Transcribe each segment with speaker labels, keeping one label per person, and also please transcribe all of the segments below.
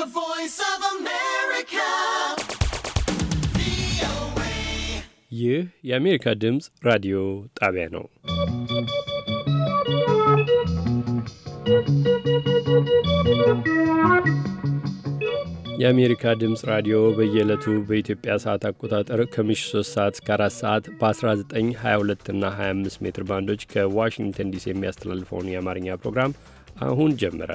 Speaker 1: The Voice of America.
Speaker 2: ይህ የአሜሪካ ድምፅ ራዲዮ ጣቢያ ነው። የአሜሪካ ድምፅ ራዲዮ በየዕለቱ በኢትዮጵያ ሰዓት አቆጣጠር ከምሽቱ 3 ሰዓት እስከ 4 ሰዓት በ1922 እና 25 ሜትር ባንዶች ከዋሽንግተን ዲሲ የሚያስተላልፈውን የአማርኛ ፕሮግራም አሁን ጀመረ።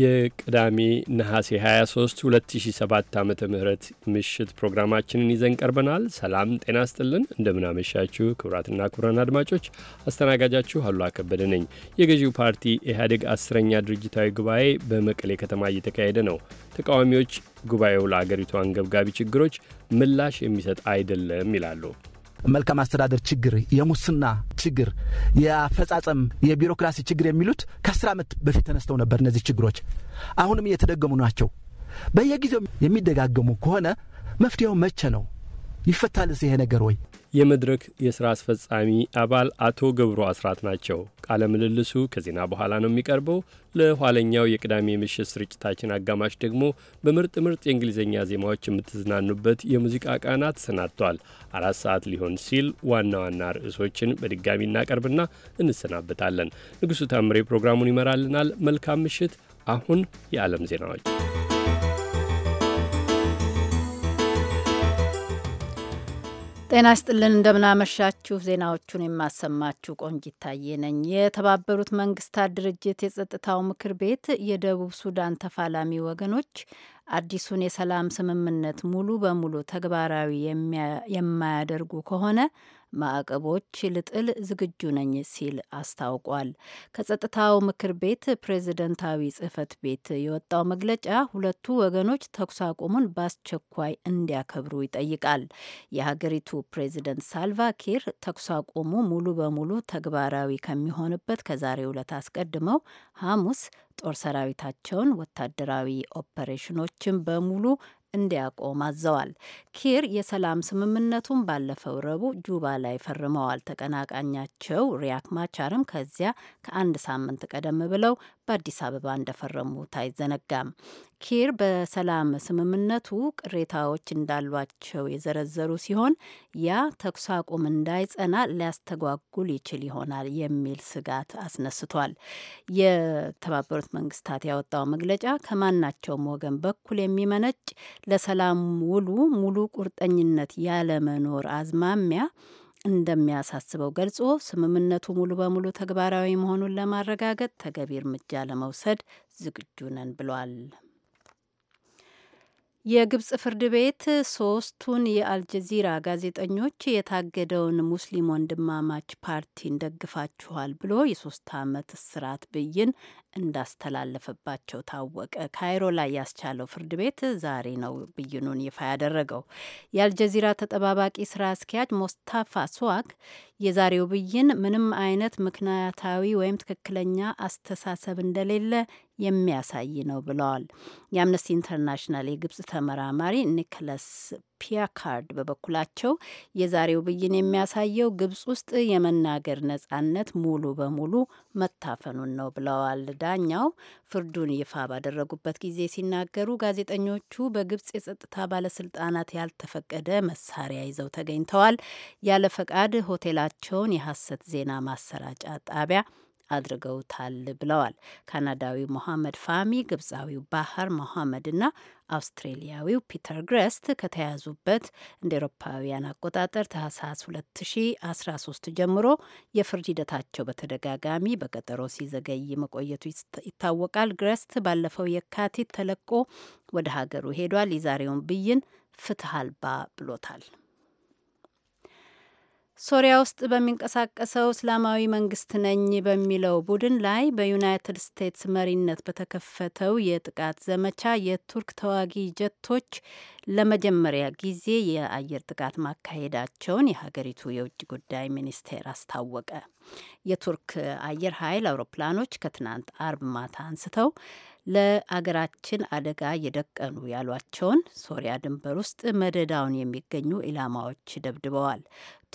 Speaker 2: የቅዳሜ ነሐሴ 23 2007 ዓ ም ምሽት ፕሮግራማችንን ይዘን ቀርበናል። ሰላም ጤና ስጥልን። እንደምናመሻችሁ ክቡራትና ክቡራን አድማጮች አስተናጋጃችሁ አሉላ ከበደ ነኝ። የገዢው ፓርቲ ኢህአዴግ አስረኛ ድርጅታዊ ጉባኤ በመቀሌ ከተማ እየተካሄደ ነው። ተቃዋሚዎች ጉባኤው ለአገሪቱ አንገብጋቢ ችግሮች ምላሽ የሚሰጥ አይደለም ይላሉ።
Speaker 3: መልካም አስተዳደር ችግር፣ የሙስና ችግር፣ የአፈጻጸም የቢሮክራሲ ችግር የሚሉት ከአስር ዓመት በፊት ተነስተው ነበር። እነዚህ ችግሮች አሁንም እየተደገሙ ናቸው። በየጊዜው የሚደጋገሙ ከሆነ መፍትሄው መቼ ነው? ይፈታልስ ይሄ ነገር ወይ?
Speaker 2: የመድረክ የሥራ አስፈጻሚ አባል አቶ ገብሩ አስራት ናቸው። ቃለ ምልልሱ ከዜና በኋላ ነው የሚቀርበው። ለኋለኛው የቅዳሜ ምሽት ስርጭታችን አጋማሽ ደግሞ በምርጥ ምርጥ የእንግሊዝኛ ዜማዎች የምትዝናኑበት የሙዚቃ ቃና ተሰናድቷል። አራት ሰዓት ሊሆን ሲል ዋና ዋና ርዕሶችን በድጋሚ እናቀርብና እንሰናበታለን። ንጉሡ ታምሬ ፕሮግራሙን ይመራልናል። መልካም ምሽት። አሁን የዓለም ዜናዎች
Speaker 4: ጤና ይስጥልን እንደምናመሻችሁ። ዜናዎቹን የማሰማችሁ ቆንጅ ይታየ ነኝ። የተባበሩት መንግስታት ድርጅት የጸጥታው ምክር ቤት የደቡብ ሱዳን ተፋላሚ ወገኖች አዲሱን የሰላም ስምምነት ሙሉ በሙሉ ተግባራዊ የማያደርጉ ከሆነ ማዕቀቦች ልጥል ዝግጁ ነኝ ሲል አስታውቋል። ከጸጥታው ምክር ቤት ፕሬዝደንታዊ ጽህፈት ቤት የወጣው መግለጫ ሁለቱ ወገኖች ተኩስ አቁሙን በአስቸኳይ እንዲያከብሩ ይጠይቃል። የሀገሪቱ ፕሬዝደንት ሳልቫ ኪር ተኩስ አቁሙ ሙሉ በሙሉ ተግባራዊ ከሚሆንበት ከዛሬ ዕለት አስቀድመው ሐሙስ ጦር ሰራዊታቸውን ወታደራዊ ኦፐሬሽኖችን በሙሉ እንዲያቆም አዘዋል። ኪር የሰላም ስምምነቱን ባለፈው ረቡዕ ጁባ ላይ ፈርመዋል። ተቀናቃኛቸው ሪያክ ማቻርም ከዚያ ከአንድ ሳምንት ቀደም ብለው በአዲስ አበባ እንደፈረሙ አይዘነጋም። ኪር በሰላም ስምምነቱ ቅሬታዎች እንዳሏቸው የዘረዘሩ ሲሆን ያ ተኩስ አቁም እንዳይጸና ሊያስተጓጉል ይችል ይሆናል የሚል ስጋት አስነስቷል። የተባበሩት መንግስታት ያወጣው መግለጫ ከማናቸውም ወገን በኩል የሚመነጭ ለሰላም ውሉ ሙሉ ቁርጠኝነት ያለመኖር አዝማሚያ እንደሚያሳስበው ገልጾ ስምምነቱ ሙሉ በሙሉ ተግባራዊ መሆኑን ለማረጋገጥ ተገቢ እርምጃ ለመውሰድ ዝግጁ ነን ብሏል። የግብጽ ፍርድ ቤት ሶስቱን የአልጀዚራ ጋዜጠኞች የታገደውን ሙስሊም ወንድማማች ፓርቲን ደግፋችኋል ብሎ የሶስት ዓመት እስራት ብይን እንዳስተላለፈባቸው ታወቀ። ካይሮ ላይ ያስቻለው ፍርድ ቤት ዛሬ ነው ብይኑን ይፋ ያደረገው። የአልጀዚራ ተጠባባቂ ስራ አስኪያጅ ሞስታፋ ስዋክ የዛሬው ብይን ምንም አይነት ምክንያታዊ ወይም ትክክለኛ አስተሳሰብ እንደሌለ የሚያሳይ ነው ብለዋል። የአምነስቲ ኢንተርናሽናል የግብጽ ተመራማሪ ኒክለስ ፒያካርድ በበኩላቸው የዛሬው ብይን የሚያሳየው ግብጽ ውስጥ የመናገር ነጻነት ሙሉ በሙሉ መታፈኑን ነው ብለዋል። ዳኛው ፍርዱን ይፋ ባደረጉበት ጊዜ ሲናገሩ ጋዜጠኞቹ በግብጽ የጸጥታ ባለስልጣናት ያልተፈቀደ መሳሪያ ይዘው ተገኝተዋል፣ ያለ ፈቃድ ሆቴላቸውን የሐሰት ዜና ማሰራጫ ጣቢያ አድርገውታል ብለዋል። ካናዳዊው ሞሐመድ ፋሚ፣ ግብፃዊው ባህር ና አውስትሬሊያዊው ፒተር ግረስት ከተያዙበት እንደ ኤሮፓውያን አቆጣጠር ታህሳስ 2013 ጀምሮ የፍርድ ሂደታቸው በተደጋጋሚ በቀጠሮ ሲዘገይ መቆየቱ ይታወቃል። ግረስት ባለፈው የካቲት ተለቆ ወደ ሀገሩ ሄዷል። የዛሬውን ብይን ፍትህ አልባ ብሎታል። ሶሪያ ውስጥ በሚንቀሳቀሰው እስላማዊ መንግስት ነኝ በሚለው ቡድን ላይ በዩናይትድ ስቴትስ መሪነት በተከፈተው የጥቃት ዘመቻ የቱርክ ተዋጊ ጀቶች ለመጀመሪያ ጊዜ የአየር ጥቃት ማካሄዳቸውን የሀገሪቱ የውጭ ጉዳይ ሚኒስቴር አስታወቀ። የቱርክ አየር ኃይል አውሮፕላኖች ከትናንት አርብ ማታ አንስተው ለአገራችን አደጋ እየደቀኑ ያሏቸውን ሶሪያ ድንበር ውስጥ መደዳውን የሚገኙ ኢላማዎች ደብድበዋል።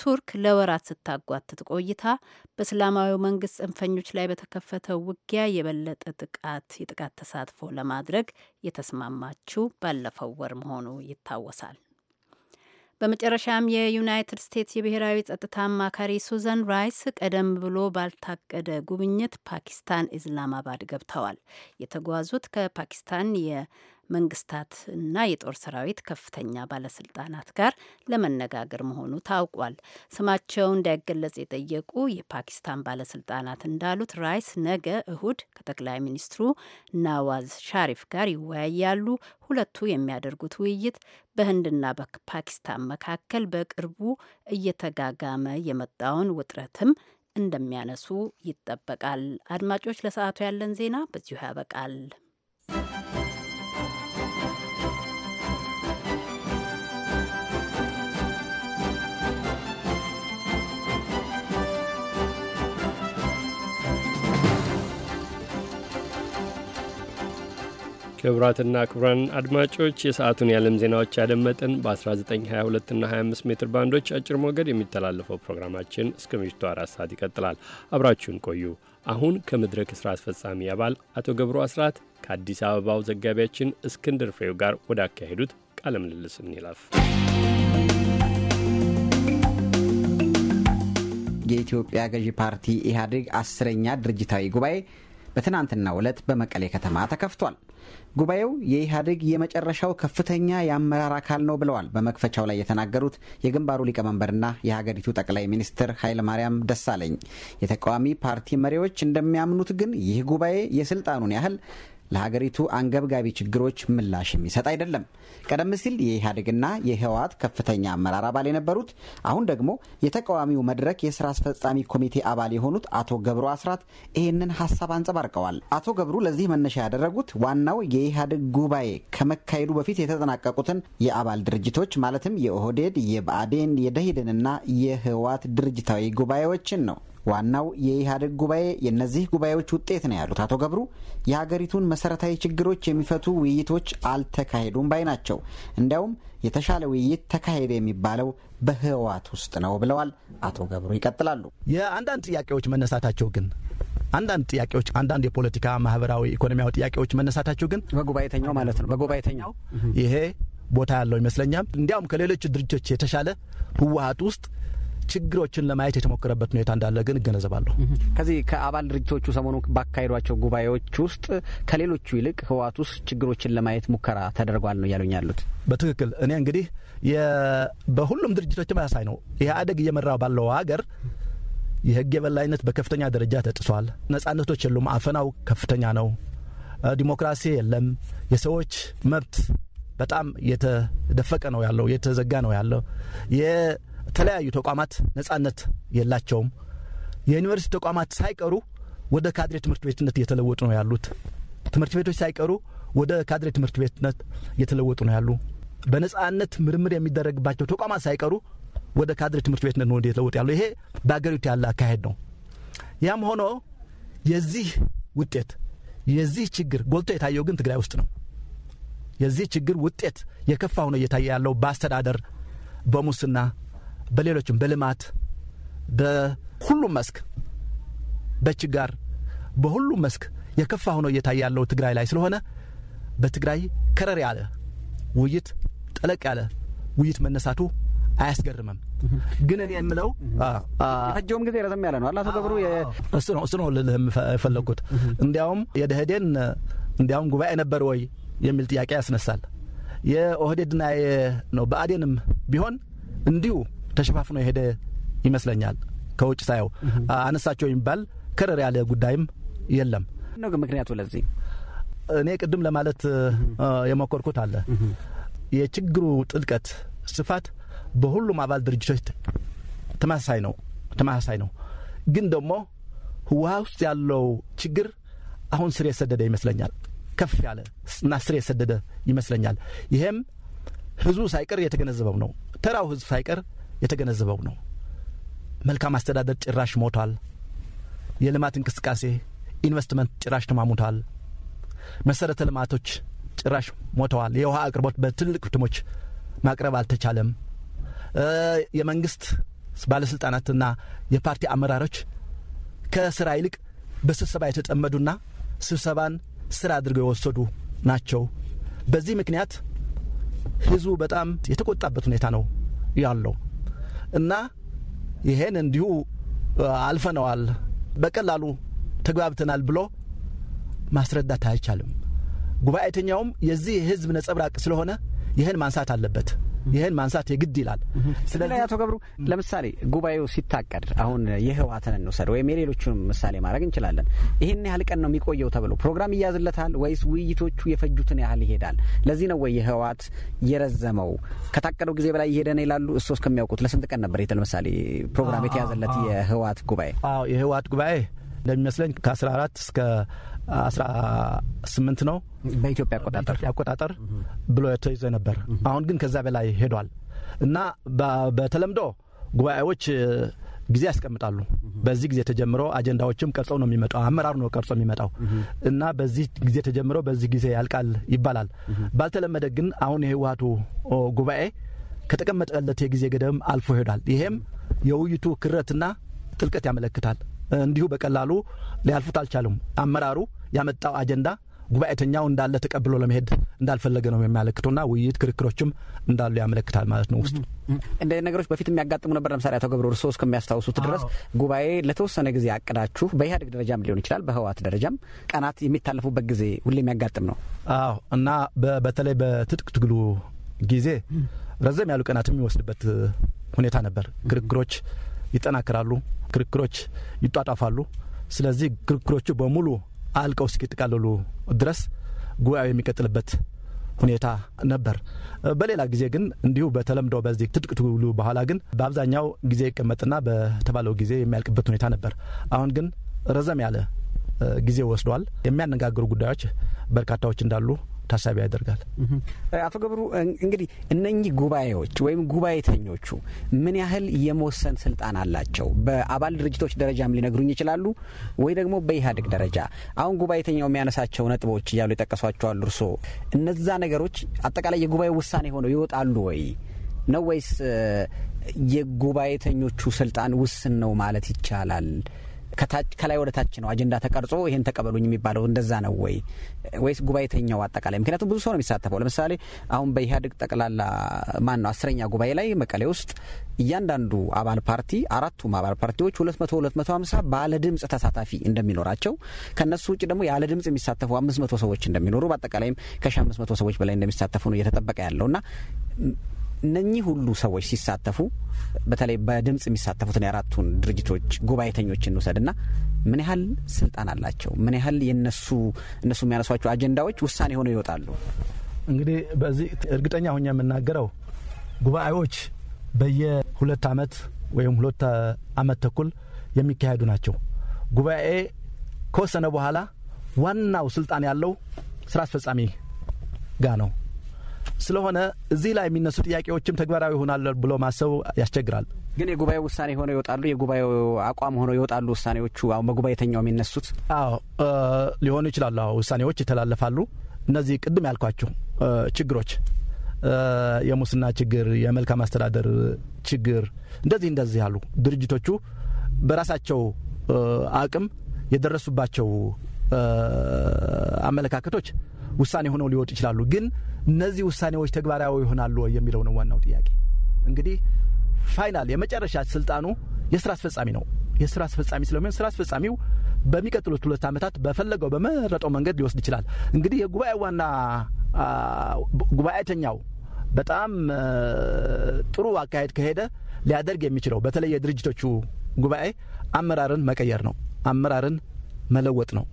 Speaker 4: ቱርክ ለወራት ስታጓትት ቆይታ በእስላማዊ መንግስት ጽንፈኞች ላይ በተከፈተው ውጊያ የበለጠ ጥቃት የጥቃት ተሳትፎ ለማድረግ የተስማማችው ባለፈው ወር መሆኑ ይታወሳል። በመጨረሻም የዩናይትድ ስቴትስ የብሔራዊ ጸጥታ አማካሪ ሱዘን ራይስ ቀደም ብሎ ባልታቀደ ጉብኝት ፓኪስታን ኢስላማባድ ገብተዋል። የተጓዙት ከፓኪስታን መንግስታት እና የጦር ሰራዊት ከፍተኛ ባለስልጣናት ጋር ለመነጋገር መሆኑ ታውቋል። ስማቸው እንዳይገለጽ የጠየቁ የፓኪስታን ባለስልጣናት እንዳሉት ራይስ ነገ እሁድ ከጠቅላይ ሚኒስትሩ ናዋዝ ሻሪፍ ጋር ይወያያሉ። ሁለቱ የሚያደርጉት ውይይት በህንድና በፓኪስታን መካከል በቅርቡ እየተጋጋመ የመጣውን ውጥረትም እንደሚያነሱ ይጠበቃል። አድማጮች፣ ለሰዓቱ ያለን ዜና በዚሁ ያበቃል።
Speaker 2: ክቡራትና ክቡራን አድማጮች የሰዓቱን የዓለም ዜናዎች ያደመጥን በ1922 እና 25 ሜትር ባንዶች አጭር ሞገድ የሚተላለፈው ፕሮግራማችን እስከ ምሽቱ አራት ሰዓት ይቀጥላል። አብራችሁን ቆዩ። አሁን ከመድረክ ሥራ አስፈጻሚ አባል አቶ ገብሩ አስራት ከአዲስ አበባው ዘጋቢያችን እስክንድር ፍሬው ጋር ወዳካሄዱት ቃለ ምልልስ እንላፍ።
Speaker 5: የኢትዮጵያ ገዢ ፓርቲ ኢህአዴግ አስረኛ ድርጅታዊ ጉባኤ በትናንትናው ዕለት በመቀሌ ከተማ ተከፍቷል። ጉባኤው የኢህአዴግ የመጨረሻው ከፍተኛ የአመራር አካል ነው ብለዋል በመክፈቻው ላይ የተናገሩት የግንባሩ ሊቀመንበርና የሀገሪቱ ጠቅላይ ሚኒስትር ኃይለማርያም ደሳለኝ። የተቃዋሚ ፓርቲ መሪዎች እንደሚያምኑት ግን ይህ ጉባኤ የስልጣኑን ያህል ለሀገሪቱ አንገብጋቢ ችግሮች ምላሽ የሚሰጥ አይደለም። ቀደም ሲል የኢህአዴግና የህወሓት ከፍተኛ አመራር አባል የነበሩት አሁን ደግሞ የተቃዋሚው መድረክ የስራ አስፈጻሚ ኮሚቴ አባል የሆኑት አቶ ገብሩ አስራት ይህንን ሀሳብ አንጸባርቀዋል። አቶ ገብሩ ለዚህ መነሻ ያደረጉት ዋናው የኢህአዴግ ጉባኤ ከመካሄዱ በፊት የተጠናቀቁትን የአባል ድርጅቶች ማለትም የኦህዴድ፣ የብአዴን፣ የደኢህዴንና የህወሓት ድርጅታዊ ጉባኤዎችን ነው። ዋናው የኢህአዴግ ጉባኤ የእነዚህ ጉባኤዎች ውጤት ነው ያሉት አቶ ገብሩ የሀገሪቱን መሰረታዊ ችግሮች የሚፈቱ ውይይቶች አልተካሄዱም ባይ ናቸው። እንዲያውም የተሻለ ውይይት ተካሄደ የሚባለው በህወሓት ውስጥ ነው ብለዋል። አቶ ገብሩ ይቀጥላሉ።
Speaker 3: የአንዳንድ ጥያቄዎች መነሳታቸው ግን አንዳንድ ጥያቄዎች አንዳንድ የፖለቲካ ማህበራዊ፣ ኢኮኖሚያዊ ጥያቄዎች መነሳታቸው ግን በጉባኤተኛው ማለት ነው በጉባኤተኛው ይሄ ቦታ ያለው ይመስለኛል። እንዲያውም ከሌሎች ድርጅቶች የተሻለ ህወሓት ውስጥ ችግሮችን ለማየት የተሞከረበት ሁኔታ እንዳለ ግን እገነዘባለሁ።
Speaker 5: ከዚህ ከአባል ድርጅቶቹ ሰሞኑ ባካሄዷቸው ጉባኤዎች ውስጥ ከሌሎቹ ይልቅ ህወሓት ውስጥ ችግሮችን ለማየት ሙከራ
Speaker 3: ተደርጓል ነው እያሉኝ ያሉት? በትክክል እኔ እንግዲህ በሁሉም ድርጅቶች ተመሳሳይ ነው። ኢህአዴግ እየመራ ባለው ሀገር የህግ የበላይነት በከፍተኛ ደረጃ ተጥሷል። ነጻነቶች የሉም። አፈናው ከፍተኛ ነው። ዲሞክራሲ የለም። የሰዎች መብት በጣም የተደፈቀ ነው ያለው፣ የተዘጋ ነው ያለው። ተለያዩ ተቋማት ነጻነት የላቸውም። የዩኒቨርሲቲ ተቋማት ሳይቀሩ ወደ ካድሬ ትምህርት ቤትነት እየተለወጡ ነው ያሉት። ትምህርት ቤቶች ሳይቀሩ ወደ ካድሬ ትምህርት ቤትነት እየተለወጡ ነው ያሉ። በነጻነት ምርምር የሚደረግባቸው ተቋማት ሳይቀሩ ወደ ካድሬ ትምህርት ቤትነት ነው እየተለወጡ ያሉ። ይሄ በአገሪቱ ያለ አካሄድ ነው። ያም ሆኖ የዚህ ውጤት የዚህ ችግር ጎልቶ የታየው ግን ትግራይ ውስጥ ነው። የዚህ ችግር ውጤት የከፋ ሆኖ እየታየ ያለው በአስተዳደር፣ በሙስና፣ በሌሎችም በልማት በሁሉም መስክ በችጋር በሁሉም መስክ የከፋ ሆኖ እየታየ ያለው ትግራይ ላይ ስለሆነ በትግራይ ከረር ያለ ውይይት ጠለቅ ያለ ውይይት መነሳቱ አያስገርምም። ግን እኔ የምለው የፈጀውም ጊዜ ረዘም ያለ ነው። አቶ ገብሩ እሱ ነው እሱ ነው ልልህ የፈለግኩት። እንዲያውም የደህዴን እንዲያውም ጉባኤ ነበር ወይ የሚል ጥያቄ ያስነሳል። የኦህዴድና ነው በአዴንም ቢሆን እንዲሁ ተሸፋፍኖ የሄደ ይመስለኛል። ከውጭ ሳየው አነሳቸው የሚባል ከረር ያለ ጉዳይም የለም ነው። ግን ምክንያቱ ለዚህ እኔ ቅድም ለማለት የሞከርኩት አለ የችግሩ ጥልቀት ስፋት በሁሉም አባል ድርጅቶች ተመሳሳይ ነው ተመሳሳይ ነው። ግን ደግሞ ህወሓት ውስጥ ያለው ችግር አሁን ስር የሰደደ ይመስለኛል ከፍ ያለ እና ስር የሰደደ ይመስለኛል። ይሄም ህዝቡ ሳይቀር የተገነዘበው ነው። ተራው ህዝብ ሳይቀር የተገነዘበው ነው። መልካም አስተዳደር ጭራሽ ሞቷል። የልማት እንቅስቃሴ ኢንቨስትመንት ጭራሽ ተማሙታል። መሰረተ ልማቶች ጭራሽ ሞተዋል። የውሃ አቅርቦት በትልቅ ከተሞች ማቅረብ አልተቻለም። የመንግስት ባለስልጣናትና የፓርቲ አመራሮች ከስራ ይልቅ በስብሰባ የተጠመዱና ስብሰባን ስራ አድርገው የወሰዱ ናቸው። በዚህ ምክንያት ህዝቡ በጣም የተቆጣበት ሁኔታ ነው ያለው። እና ይሄን እንዲሁ አልፈነዋል፣ በቀላሉ ተግባብተናል ብሎ ማስረዳት አይቻልም። ጉባኤተኛውም የዚህ የህዝብ ነጸብራቅ ስለሆነ ይህን ማንሳት አለበት። ይህን ማንሳት የግድ ይላል። ስለዚህ አቶ ገብሩ
Speaker 5: ለምሳሌ ጉባኤው ሲታቀድ አሁን የህወሓትን እንውሰድ ወይም የሌሎቹንም ምሳሌ ማድረግ እንችላለን። ይህን ያህል ቀን ነው የሚቆየው ተብሎ ፕሮግራም ይያዝለታል ወይስ ውይይቶቹ የፈጁትን ያህል ይሄዳል? ለዚህ ነው ወይ የህወሓት የረዘመው ከታቀደው ጊዜ በላይ እየሄደ ነው ይላሉ። እሱ እስከሚያውቁት ለስንት ቀን ነበር
Speaker 3: ለምሳሌ ፕሮግራም የተያዘለት የህወሓት ጉባኤ? አዎ የህወሓት ጉባኤ እንደሚመስለኝ ከ14 እስከ አስራ ስምንት ነው በኢትዮጵያ አቆጣጠር ብሎ ተይዞ ነበር። አሁን ግን ከዛ በላይ ሄዷል እና በተለምዶ ጉባኤዎች ጊዜ ያስቀምጣሉ። በዚህ ጊዜ ተጀምሮ አጀንዳዎችም ቀርጸው ነው የሚመጣው። አመራር ነው ቀርጾ የሚመጣው እና በዚህ ጊዜ ተጀምሮ በዚህ ጊዜ ያልቃል ይባላል። ባልተለመደ ግን አሁን የህወሀቱ ጉባኤ ከተቀመጠለት የጊዜ ገደብም አልፎ ሄዷል። ይሄም የውይይቱ ክረትና ጥልቀት ያመለክታል። እንዲሁ በቀላሉ ሊያልፉት አልቻሉም። አመራሩ ያመጣው አጀንዳ ጉባኤተኛው እንዳለ ተቀብሎ ለመሄድ እንዳልፈለገ ነው የሚያመለክተውና ውይይት ክርክሮችም እንዳሉ ያመለክታል ማለት ነው። ውስጡ
Speaker 5: እንደ ነገሮች በፊት የሚያጋጥሙ ነበር። ለምሳሌ አቶ ገብሩ እርስዎ እስከሚያስታውሱት ድረስ ጉባኤ ለተወሰነ ጊዜ አቅዳችሁ በኢህአዴግ ደረጃም ሊሆን ይችላል፣ በህወሓት ደረጃም ቀናት የሚታለፉበት ጊዜ ሁሌ የሚያጋጥም ነው።
Speaker 3: አዎ እና በተለይ በትጥቅ ትግሉ ጊዜ ረዘም ያሉ ቀናት የሚወስድበት ሁኔታ ነበር ክርክሮች ይጠናከራሉ፣ ክርክሮች ይጧጧፋሉ። ስለዚህ ክርክሮቹ በሙሉ አልቀው እስኪጠቃለሉ ድረስ ጉባኤው የሚቀጥልበት ሁኔታ ነበር። በሌላ ጊዜ ግን እንዲሁ በተለምዶ በዚህ ትጥቅ ትግሉ በኋላ ግን በአብዛኛው ጊዜ ይቀመጥና በተባለው ጊዜ የሚያልቅበት ሁኔታ ነበር። አሁን ግን ረዘም ያለ ጊዜ ወስዷል። የሚያነጋግሩ ጉዳዮች በርካታዎች እንዳሉ ታሳቢ ያደርጋል።
Speaker 5: አቶ ገብሩ እንግዲህ እነኚህ ጉባኤዎች ወይም ጉባኤተኞቹ ምን ያህል የመወሰን ስልጣን አላቸው? በአባል ድርጅቶች ደረጃም ሊነግሩኝ ይችላሉ ወይ ደግሞ በኢህአዴግ ደረጃ አሁን ጉባኤተኛው የሚያነሳቸው ነጥቦች እያሉ የጠቀሷቸዋሉ እርስዎ። እነዛ ነገሮች አጠቃላይ የጉባኤ ውሳኔ ሆነው ይወጣሉ ወይ ነው ወይስ የጉባኤተኞቹ ስልጣን ውስን ነው ማለት ይቻላል? ከላይ ወደ ታች ነው አጀንዳ ተቀርጾ ይህን ተቀበሉኝ የሚባለው እንደዛ ነው ወይ ወይስ ጉባኤተኛው አጠቃላይ? ምክንያቱም ብዙ ሰው ነው የሚሳተፈው። ለምሳሌ አሁን በኢህአዴግ ጠቅላላ ማን ነው አስረኛ ጉባኤ ላይ መቀሌ ውስጥ እያንዳንዱ አባል ፓርቲ አራቱም አባል ፓርቲዎች ሁለት መቶ ሁለት መቶ ሀምሳ ባለ ድምፅ ተሳታፊ እንደሚኖራቸው ከእነሱ ውጭ ደግሞ ያለ ድምፅ የሚሳተፉ አምስት መቶ ሰዎች እንደሚኖሩ በአጠቃላይም ከሺ አምስት መቶ ሰዎች በላይ እንደሚሳተፉ ነው እየተጠበቀ ያለው እና እነኚህ ሁሉ ሰዎች ሲሳተፉ በተለይ በድምፅ የሚሳተፉትን የአራቱን ድርጅቶች ጉባኤተኞችን ና ምን ያህል ስልጣን አላቸው? ምን ያህል የነሱ እነሱ የሚያነሷቸው አጀንዳዎች ውሳኔ ሆነው ይወጣሉ?
Speaker 3: እንግዲህ በዚህ እርግጠኛ ሁኛ የምናገረው ጉባኤዎች በየሁለት አመት ወይም ሁለት አመት ተኩል የሚካሄዱ ናቸው። ጉባኤ ከወሰነ በኋላ ዋናው ስልጣን ያለው ስራ አስፈጻሚ ጋ ነው። ስለሆነ እዚህ ላይ የሚነሱ ጥያቄዎችም ተግባራዊ ይሆናል ብሎ ማሰቡ ያስቸግራል።
Speaker 5: ግን የጉባኤ ውሳኔ ሆነው ይወጣሉ። የጉባኤው አቋም ሆነው ይወጣሉ ውሳኔዎቹ። አሁን በጉባኤተኛው የሚነሱት
Speaker 3: አዎ ሊሆኑ ይችላሉ። ውሳኔዎች ይተላለፋሉ። እነዚህ ቅድም ያልኳችሁ ችግሮች የሙስና ችግር፣ የመልካም አስተዳደር ችግር እንደዚህ እንደዚህ አሉ ድርጅቶቹ በራሳቸው አቅም የደረሱባቸው አመለካከቶች ውሳኔ ሆነው ሊወጡ ይችላሉ ግን እነዚህ ውሳኔዎች ተግባራዊ ይሆናሉ የሚለው ነው ዋናው ጥያቄ። እንግዲህ ፋይናል የመጨረሻ ስልጣኑ የስራ አስፈጻሚ ነው። የስራ አስፈጻሚ ስለሚሆን ስራ አስፈጻሚው በሚቀጥሉት ሁለት ዓመታት በፈለገው በመረጠው መንገድ ሊወስድ ይችላል። እንግዲህ የጉባኤ ዋና ጉባኤተኛው በጣም ጥሩ አካሄድ ከሄደ ሊያደርግ የሚችለው በተለይ የድርጅቶቹ ጉባኤ አመራርን መቀየር ነው፣ አመራርን መለወጥ ነው።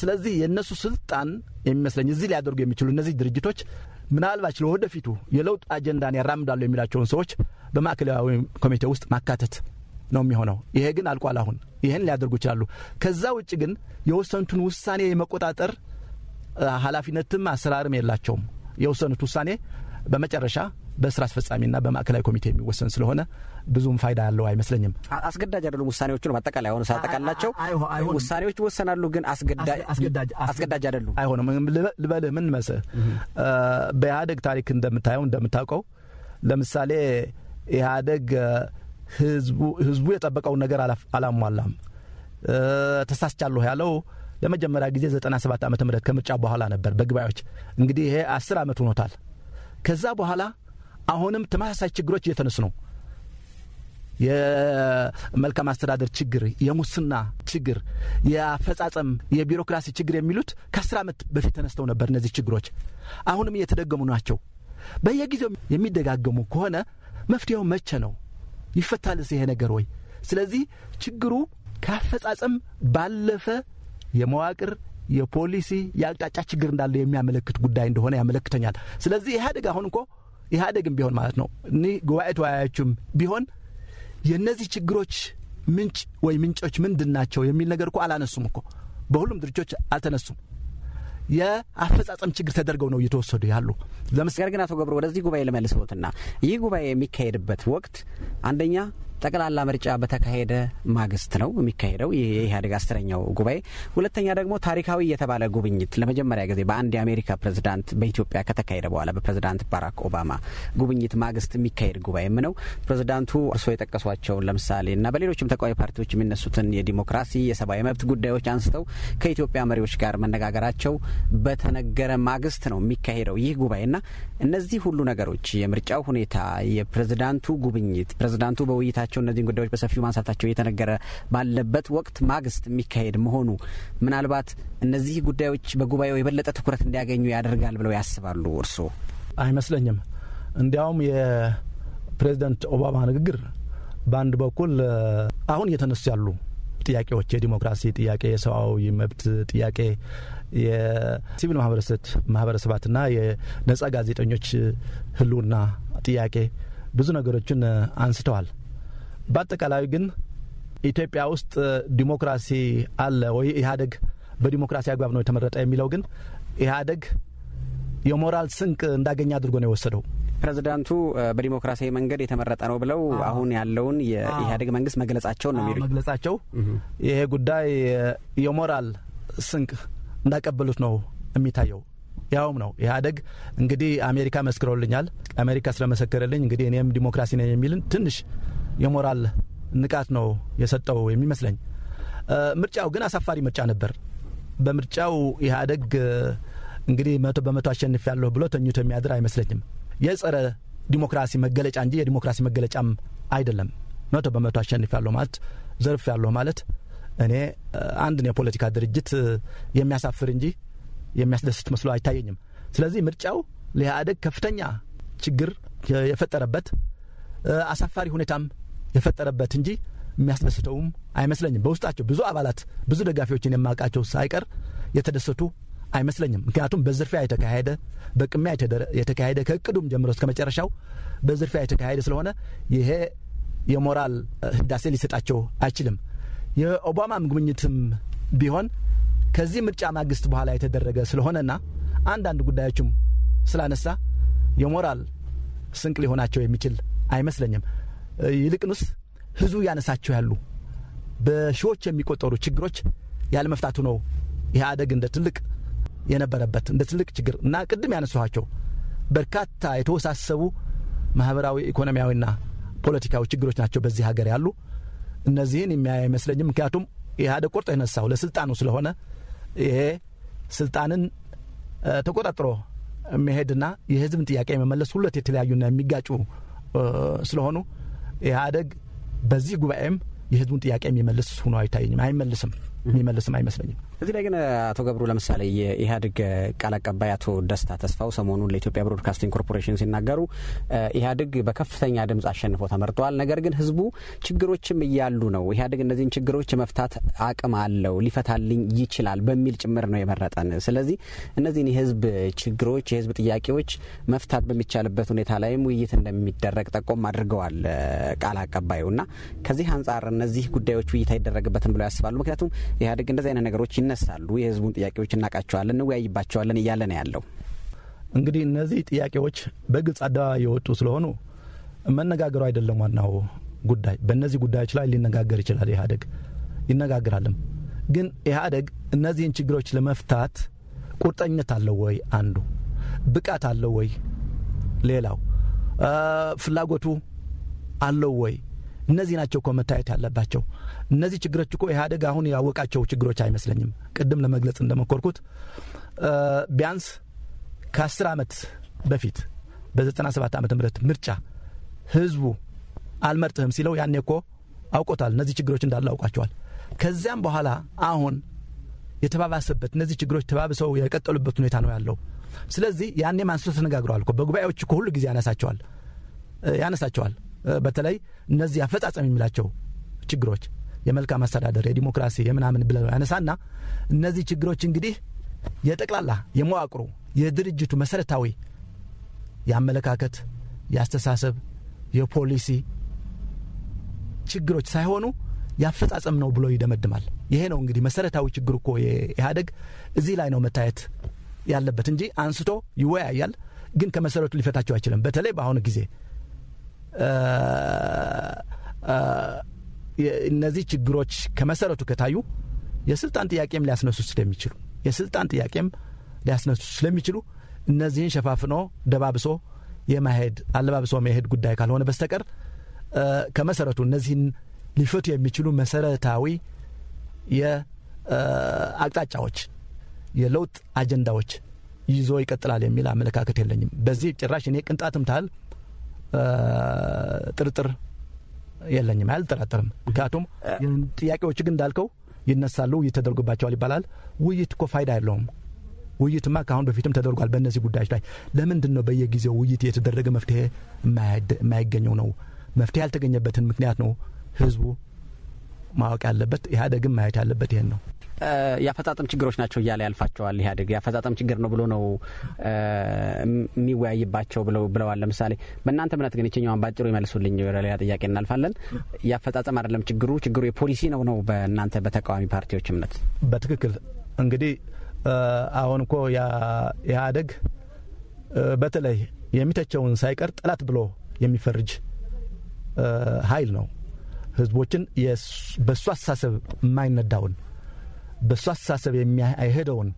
Speaker 3: ስለዚህ የእነሱ ስልጣን የሚመስለኝ እዚህ ሊያደርጉ የሚችሉ እነዚህ ድርጅቶች ምናልባች ለወደፊቱ የለውጥ አጀንዳን ያራምዳሉ የሚላቸውን ሰዎች በማዕከላዊ ኮሚቴ ውስጥ ማካተት ነው የሚሆነው። ይሄ ግን አልቋል። አሁን ይህን ሊያደርጉ ይችላሉ። ከዛ ውጭ ግን የወሰኑትን ውሳኔ የመቆጣጠር ኃላፊነትም አሰራርም የላቸውም። የወሰኑት ውሳኔ በመጨረሻ በስራ አስፈጻሚና በማዕከላዊ ኮሚቴ የሚወሰን ስለሆነ ብዙም ፋይዳ ያለው አይመስለኝም።
Speaker 5: አስገዳጅ አይደሉም ውሳኔዎቹ ነው ማጠቃላይ አሁን ሳጠቃላቸው ውሳኔዎች
Speaker 3: ይወሰናሉ፣ ግን አስገዳጅ አይደሉም። አይሆንም ልበልህ ምን መሰህ በኢህአደግ ታሪክ እንደምታየው እንደምታውቀው ለምሳሌ ኢህአደግ ህዝቡ የጠበቀውን ነገር አላሟላም ተሳስቻለሁ ያለው ለመጀመሪያ ጊዜ 97 ዓመተ ምህረት ከምርጫ በኋላ ነበር በጉባኤዎች እንግዲህ ይሄ አስር ዓመት ሆኖታል። ከዛ በኋላ አሁንም ተመሳሳይ ችግሮች እየተነሱ ነው። የመልካም አስተዳደር ችግር፣ የሙስና ችግር፣ የአፈጻጸም የቢሮክራሲ ችግር የሚሉት ከአስር ዓመት በፊት ተነስተው ነበር። እነዚህ ችግሮች አሁንም እየተደገሙ ናቸው። በየጊዜው የሚደጋገሙ ከሆነ መፍትሄው መቼ ነው? ይፈታልስ ይሄ ነገር ወይ? ስለዚህ ችግሩ ከአፈጻጸም ባለፈ የመዋቅር የፖሊሲ የአቅጣጫ ችግር እንዳለ የሚያመለክት ጉዳይ እንደሆነ ያመለክተኛል። ስለዚህ ኢህአዴግ አሁን እኮ ኢህአዴግም ቢሆን ማለት ነው እኒህ ጉባኤ ተወያዮችም ቢሆን የእነዚህ ችግሮች ምንጭ ወይ ምንጮች ምንድን ናቸው የሚል ነገር እኮ አላነሱም እኮ በሁሉም ድርጅቶች አልተነሱም። የአፈጻጸም ችግር ተደርገው ነው እየተወሰዱ ያሉ።
Speaker 5: ለምሳሌ ግን አቶ ገብሩ ወደዚህ ጉባኤ ልመልስዎትና ይህ ጉባኤ የሚካሄድበት ወቅት አንደኛ ጠቅላላ ምርጫ በተካሄደ ማግስት ነው የሚካሄደው የኢህአዴግ አስረኛው ጉባኤ። ሁለተኛ ደግሞ ታሪካዊ የተባለ ጉብኝት ለመጀመሪያ ጊዜ በአንድ የአሜሪካ ፕሬዝዳንት በኢትዮጵያ ከተካሄደ በኋላ በፕሬዝዳንት ባራክ ኦባማ ጉብኝት ማግስት የሚካሄድ ጉባኤም ነው። ፕሬዝዳንቱ እርስዎ የጠቀሷቸውን ለምሳሌ እና በሌሎችም ተቃዋሚ ፓርቲዎች የሚነሱትን የዲሞክራሲ የሰብአዊ መብት ጉዳዮች አንስተው ከኢትዮጵያ መሪዎች ጋር መነጋገራቸው በተነገረ ማግስት ነው የሚካሄደው ይህ ጉባኤና እነዚህ ሁሉ ነገሮች የምርጫው ሁኔታ፣ የፕሬዝዳንቱ ጉብኝት ፕሬዚዳንቱ በውይይታ ራሳቸው እነዚህን ጉዳዮች በሰፊው ማንሳታቸው እየተነገረ ባለበት ወቅት ማግስት የሚካሄድ መሆኑ ምናልባት እነዚህ ጉዳዮች በጉባኤው የበለጠ ትኩረት እንዲያገኙ ያደርጋል ብለው ያስባሉ እርስዎ?
Speaker 3: አይመስለኝም። እንዲያውም የፕሬዚደንት ኦባማ ንግግር በአንድ በኩል አሁን እየተነሱ ያሉ ጥያቄዎች የዲሞክራሲ ጥያቄ፣ የሰብአዊ መብት ጥያቄ፣ የሲቪል ማህበረሰብ ማህበረሰባትና የነጻ ጋዜጠኞች ህልውና ጥያቄ ብዙ ነገሮችን አንስተዋል። በአጠቃላይ ግን ኢትዮጵያ ውስጥ ዲሞክራሲ አለ ወይ፣ ኢህአደግ በዲሞክራሲ አግባብ ነው የተመረጠ የሚለው ግን ኢህአደግ የሞራል ስንቅ እንዳገኘ አድርጎ ነው የወሰደው።
Speaker 5: ፕሬዚዳንቱ በዲሞክራሲያዊ መንገድ የተመረጠ ነው ብለው አሁን ያለውን
Speaker 3: የኢህአዴግ መንግስት መግለጻቸው ነው የሚሉ መግለጻቸው ይሄ ጉዳይ የሞራል ስንቅ እንዳቀበሉት ነው የሚታየው። ያውም ነው ኢህአዴግ እንግዲህ አሜሪካ መስክሮልኛል፣ አሜሪካ ስለመሰከረልኝ እንግዲህ እኔም ዲሞክራሲ ነኝ የሚልን ትንሽ የሞራል ንቃት ነው የሰጠው የሚመስለኝ። ምርጫው ግን አሳፋሪ ምርጫ ነበር። በምርጫው ኢህአደግ እንግዲህ መቶ በመቶ አሸንፍ ያለሁ ብሎ ተኝቶ የሚያድር አይመስለኝም። የጸረ ዲሞክራሲ መገለጫ እንጂ የዲሞክራሲ መገለጫም አይደለም። መቶ በመቶ አሸንፍ ያለሁ ማለት ዘርፍ ያለሁ ማለት እኔ አንድን የፖለቲካ ድርጅት የሚያሳፍር እንጂ የሚያስደስት መስሎ አይታየኝም። ስለዚህ ምርጫው ለኢህአደግ ከፍተኛ ችግር የፈጠረበት አሳፋሪ ሁኔታም የፈጠረበት እንጂ የሚያስደስተውም አይመስለኝም። በውስጣቸው ብዙ አባላት ብዙ ደጋፊዎችን የማውቃቸው ሳይቀር የተደሰቱ አይመስለኝም። ምክንያቱም በዝርፊያ የተካሄደ በቅሚያ የተካሄደ ከእቅዱም ጀምሮ እስከ መጨረሻው በዝርፊያ የተካሄደ ስለሆነ ይሄ የሞራል ህዳሴ ሊሰጣቸው አይችልም። የኦባማም ጉብኝትም ቢሆን ከዚህ ምርጫ ማግስት በኋላ የተደረገ ስለሆነና አንዳንድ ጉዳዮችም ስላነሳ የሞራል ስንቅ ሊሆናቸው የሚችል አይመስለኝም። ይልቅንስ ህዝቡ ያነሳቸው ያሉ በሺዎች የሚቆጠሩ ችግሮች ያለመፍታቱ ነው ኢህአደግ እንደ ትልቅ የነበረበት እንደ ትልቅ ችግር እና ቅድም ያነሷቸው በርካታ የተወሳሰቡ ማህበራዊ ኢኮኖሚያዊና ፖለቲካዊ ችግሮች ናቸው በዚህ ሀገር ያሉ። እነዚህን የሚያይ አይመስለኝም። ምክንያቱም ኢህአደግ ቆርጦ የነሳው ለስልጣኑ ስለሆነ ይሄ ስልጣንን ተቆጣጥሮ መሄድና የህዝብን ጥያቄ የመመለስ ሁለት የተለያዩና የሚጋጩ ስለሆኑ ኢህአደግ በዚህ ጉባኤም የህዝቡን ጥያቄ የሚመልስ ሆኖ አይታየኝም፣ አይመልስም። የሚመልስም አይመስለኝም።
Speaker 5: እዚህ ላይ ግን አቶ ገብሩ ለምሳሌ የኢህአዴግ ቃል አቀባይ አቶ ደስታ ተስፋው ሰሞኑን ለኢትዮጵያ ብሮድካስቲንግ ኮርፖሬሽን ሲናገሩ ኢህአዴግ በከፍተኛ ድምፅ አሸንፎ ተመርጠዋል፣ ነገር ግን ህዝቡ ችግሮችም እያሉ ነው፣ ኢህአዴግ እነዚህን ችግሮች መፍታት አቅም አለው፣ ሊፈታልኝ ይችላል በሚል ጭምር ነው የመረጠን። ስለዚህ እነዚህን የህዝብ ችግሮች የህዝብ ጥያቄዎች መፍታት በሚቻልበት ሁኔታ ላይም ውይይት እንደሚደረግ ጠቆም አድርገዋል ቃል አቀባዩ እና ከዚህ አንጻር እነዚህ ጉዳዮች ውይይት አይደረግበትም ብለው ያስባሉ ምክንያቱም ኢህአዴግ እንደዚህ አይነት ነገሮች
Speaker 3: ይነሳሉ፣ የህዝቡን ጥያቄዎች እናውቃቸዋለን፣ እንወያይባቸዋለን እያለ ነው ያለው። እንግዲህ እነዚህ ጥያቄዎች በግልጽ አደባባይ የወጡ ስለሆኑ መነጋገሩ አይደለም ዋናው ጉዳይ። በእነዚህ ጉዳዮች ላይ ሊነጋገር ይችላል ኢህአዴግ ይነጋግራልም። ግን ኢህአዴግ እነዚህን ችግሮች ለመፍታት ቁርጠኝነት አለው ወይ? አንዱ ብቃት አለው ወይ? ሌላው ፍላጎቱ አለው ወይ? እነዚህ ናቸው እኮ መታየት ያለባቸው። እነዚህ ችግሮች እኮ ኢህአዴግ አሁን ያወቃቸው ችግሮች አይመስለኝም። ቅድም ለመግለጽ እንደሞከርኩት ቢያንስ ከአስር ዓመት በፊት በዘጠና ሰባት ዓመተ ምህረት ምርጫ ህዝቡ አልመርጥህም ሲለው ያኔ እኮ አውቆታል። እነዚህ ችግሮች እንዳለ አውቋቸዋል። ከዚያም በኋላ አሁን የተባባሰበት እነዚህ ችግሮች ተባብሰው የቀጠሉበት ሁኔታ ነው ያለው። ስለዚህ ያኔም አንስቶ ተነጋግረዋል እኮ በጉባኤዎች ሁሉ ጊዜ ያነሳቸዋል ያነሳቸዋል በተለይ እነዚህ አፈጻጸም የሚላቸው ችግሮች የመልካም አስተዳደር የዲሞክራሲ የምናምን ብለው ያነሳና እነዚህ ችግሮች እንግዲህ የጠቅላላ የመዋቅሩ የድርጅቱ መሰረታዊ የአመለካከት የአስተሳሰብ የፖሊሲ ችግሮች ሳይሆኑ ያፈጻጸም ነው ብሎ ይደመድማል። ይሄ ነው እንግዲህ መሰረታዊ ችግር እኮ የኢህአደግ እዚህ ላይ ነው መታየት ያለበት እንጂ አንስቶ ይወያያል፣ ግን ከመሰረቱ ሊፈታቸው አይችልም። በተለይ በአሁኑ ጊዜ እነዚህ ችግሮች ከመሰረቱ ከታዩ የስልጣን ጥያቄም ሊያስነሱ ስለሚችሉ የስልጣን ጥያቄም ሊያስነሱ ስለሚችሉ እነዚህን ሸፋፍኖ ደባብሶ የማሄድ አለባብሶ የመሄድ ጉዳይ ካልሆነ በስተቀር ከመሰረቱ እነዚህን ሊፈቱ የሚችሉ መሰረታዊ የአቅጣጫዎች የለውጥ አጀንዳዎች ይዞ ይቀጥላል የሚል አመለካከት የለኝም። በዚህ ጭራሽ እኔ ቅንጣትም ታህል ጥርጥር የለኝም፣ አልጠራጠርም። ምክንያቱም ጥያቄዎች ግን እንዳልከው ይነሳሉ፣ ውይይት ተደርጎባቸዋል ይባላል። ውይይት እኮ ፋይዳ የለውም። ውይይትማ ከአሁን በፊትም ተደርጓል። በእነዚህ ጉዳዮች ላይ ለምንድን ነው በየጊዜው ውይይት የተደረገ መፍትሄ የማይገኘው ነው? መፍትሄ ያልተገኘበትን ምክንያት ነው ህዝቡ ማወቅ ያለበት፣ ኢህአዴግም ማየት ያለበት ይሄን ነው።
Speaker 5: የአፈጻጸም ችግሮች ናቸው እያለ ያልፋቸዋል። ኢህአዴግ የአፈጻጸም ችግር ነው ብሎ ነው የሚወያይባቸው ብለዋል። ለምሳሌ በእናንተ እምነት ግን ይችኛዋን ባጭሩ ይመልሱልኝ፣ ሌላ ጥያቄ እናልፋለን። የአፈጻጸም አይደለም ችግሩ፣ ችግሩ የፖሊሲ ነው ነው በእናንተ በተቃዋሚ ፓርቲዎች እምነት?
Speaker 3: በትክክል እንግዲህ አሁን እኮ ኢህአዴግ በተለይ የሚተቸውን ሳይቀር ጠላት ብሎ የሚፈርጅ ኃይል ነው። ህዝቦችን በእሱ አስተሳሰብ የማይነዳውን በእሱ አስተሳሰብ የሚያሄደውን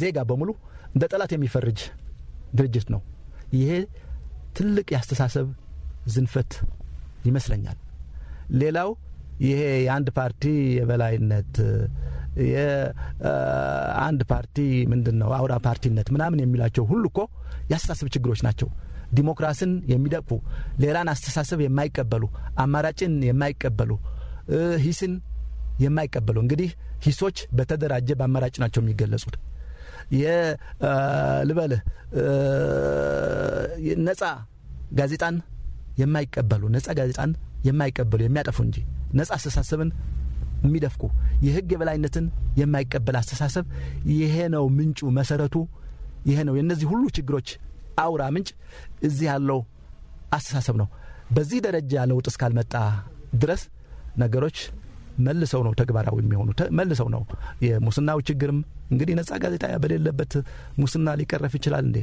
Speaker 3: ዜጋ በሙሉ እንደ ጠላት የሚፈርጅ ድርጅት ነው። ይሄ ትልቅ የአስተሳሰብ ዝንፈት ይመስለኛል። ሌላው ይሄ የአንድ ፓርቲ የበላይነት የአንድ ፓርቲ ምንድን ነው አውራ ፓርቲነት ምናምን የሚላቸው ሁሉ እኮ የአስተሳሰብ ችግሮች ናቸው። ዲሞክራሲን የሚደቅፉ ሌላን አስተሳሰብ የማይቀበሉ አማራጭን የማይቀበሉ ሂስን የማይቀበሉ እንግዲህ ሂሶች በተደራጀ በአማራጭ ናቸው የሚገለጹት። ልበልህ ነጻ ጋዜጣን የማይቀበሉ ነጻ ጋዜጣን የማይቀበሉ የሚያጠፉ እንጂ ነጻ አስተሳሰብን የሚደፍቁ የህግ የበላይነትን የማይቀበል አስተሳሰብ ይሄ ነው ምንጩ፣ መሰረቱ ይሄ ነው። የእነዚህ ሁሉ ችግሮች አውራ ምንጭ እዚህ ያለው አስተሳሰብ ነው። በዚህ ደረጃ ለውጥ እስካልመጣ ድረስ ነገሮች መልሰው ነው ተግባራዊ የሚሆኑ መልሰው ነው የሙስናው ችግርም እንግዲህ ነጻ ጋዜጣ በሌለበት ሙስና ሊቀረፍ ይችላል እንዴ?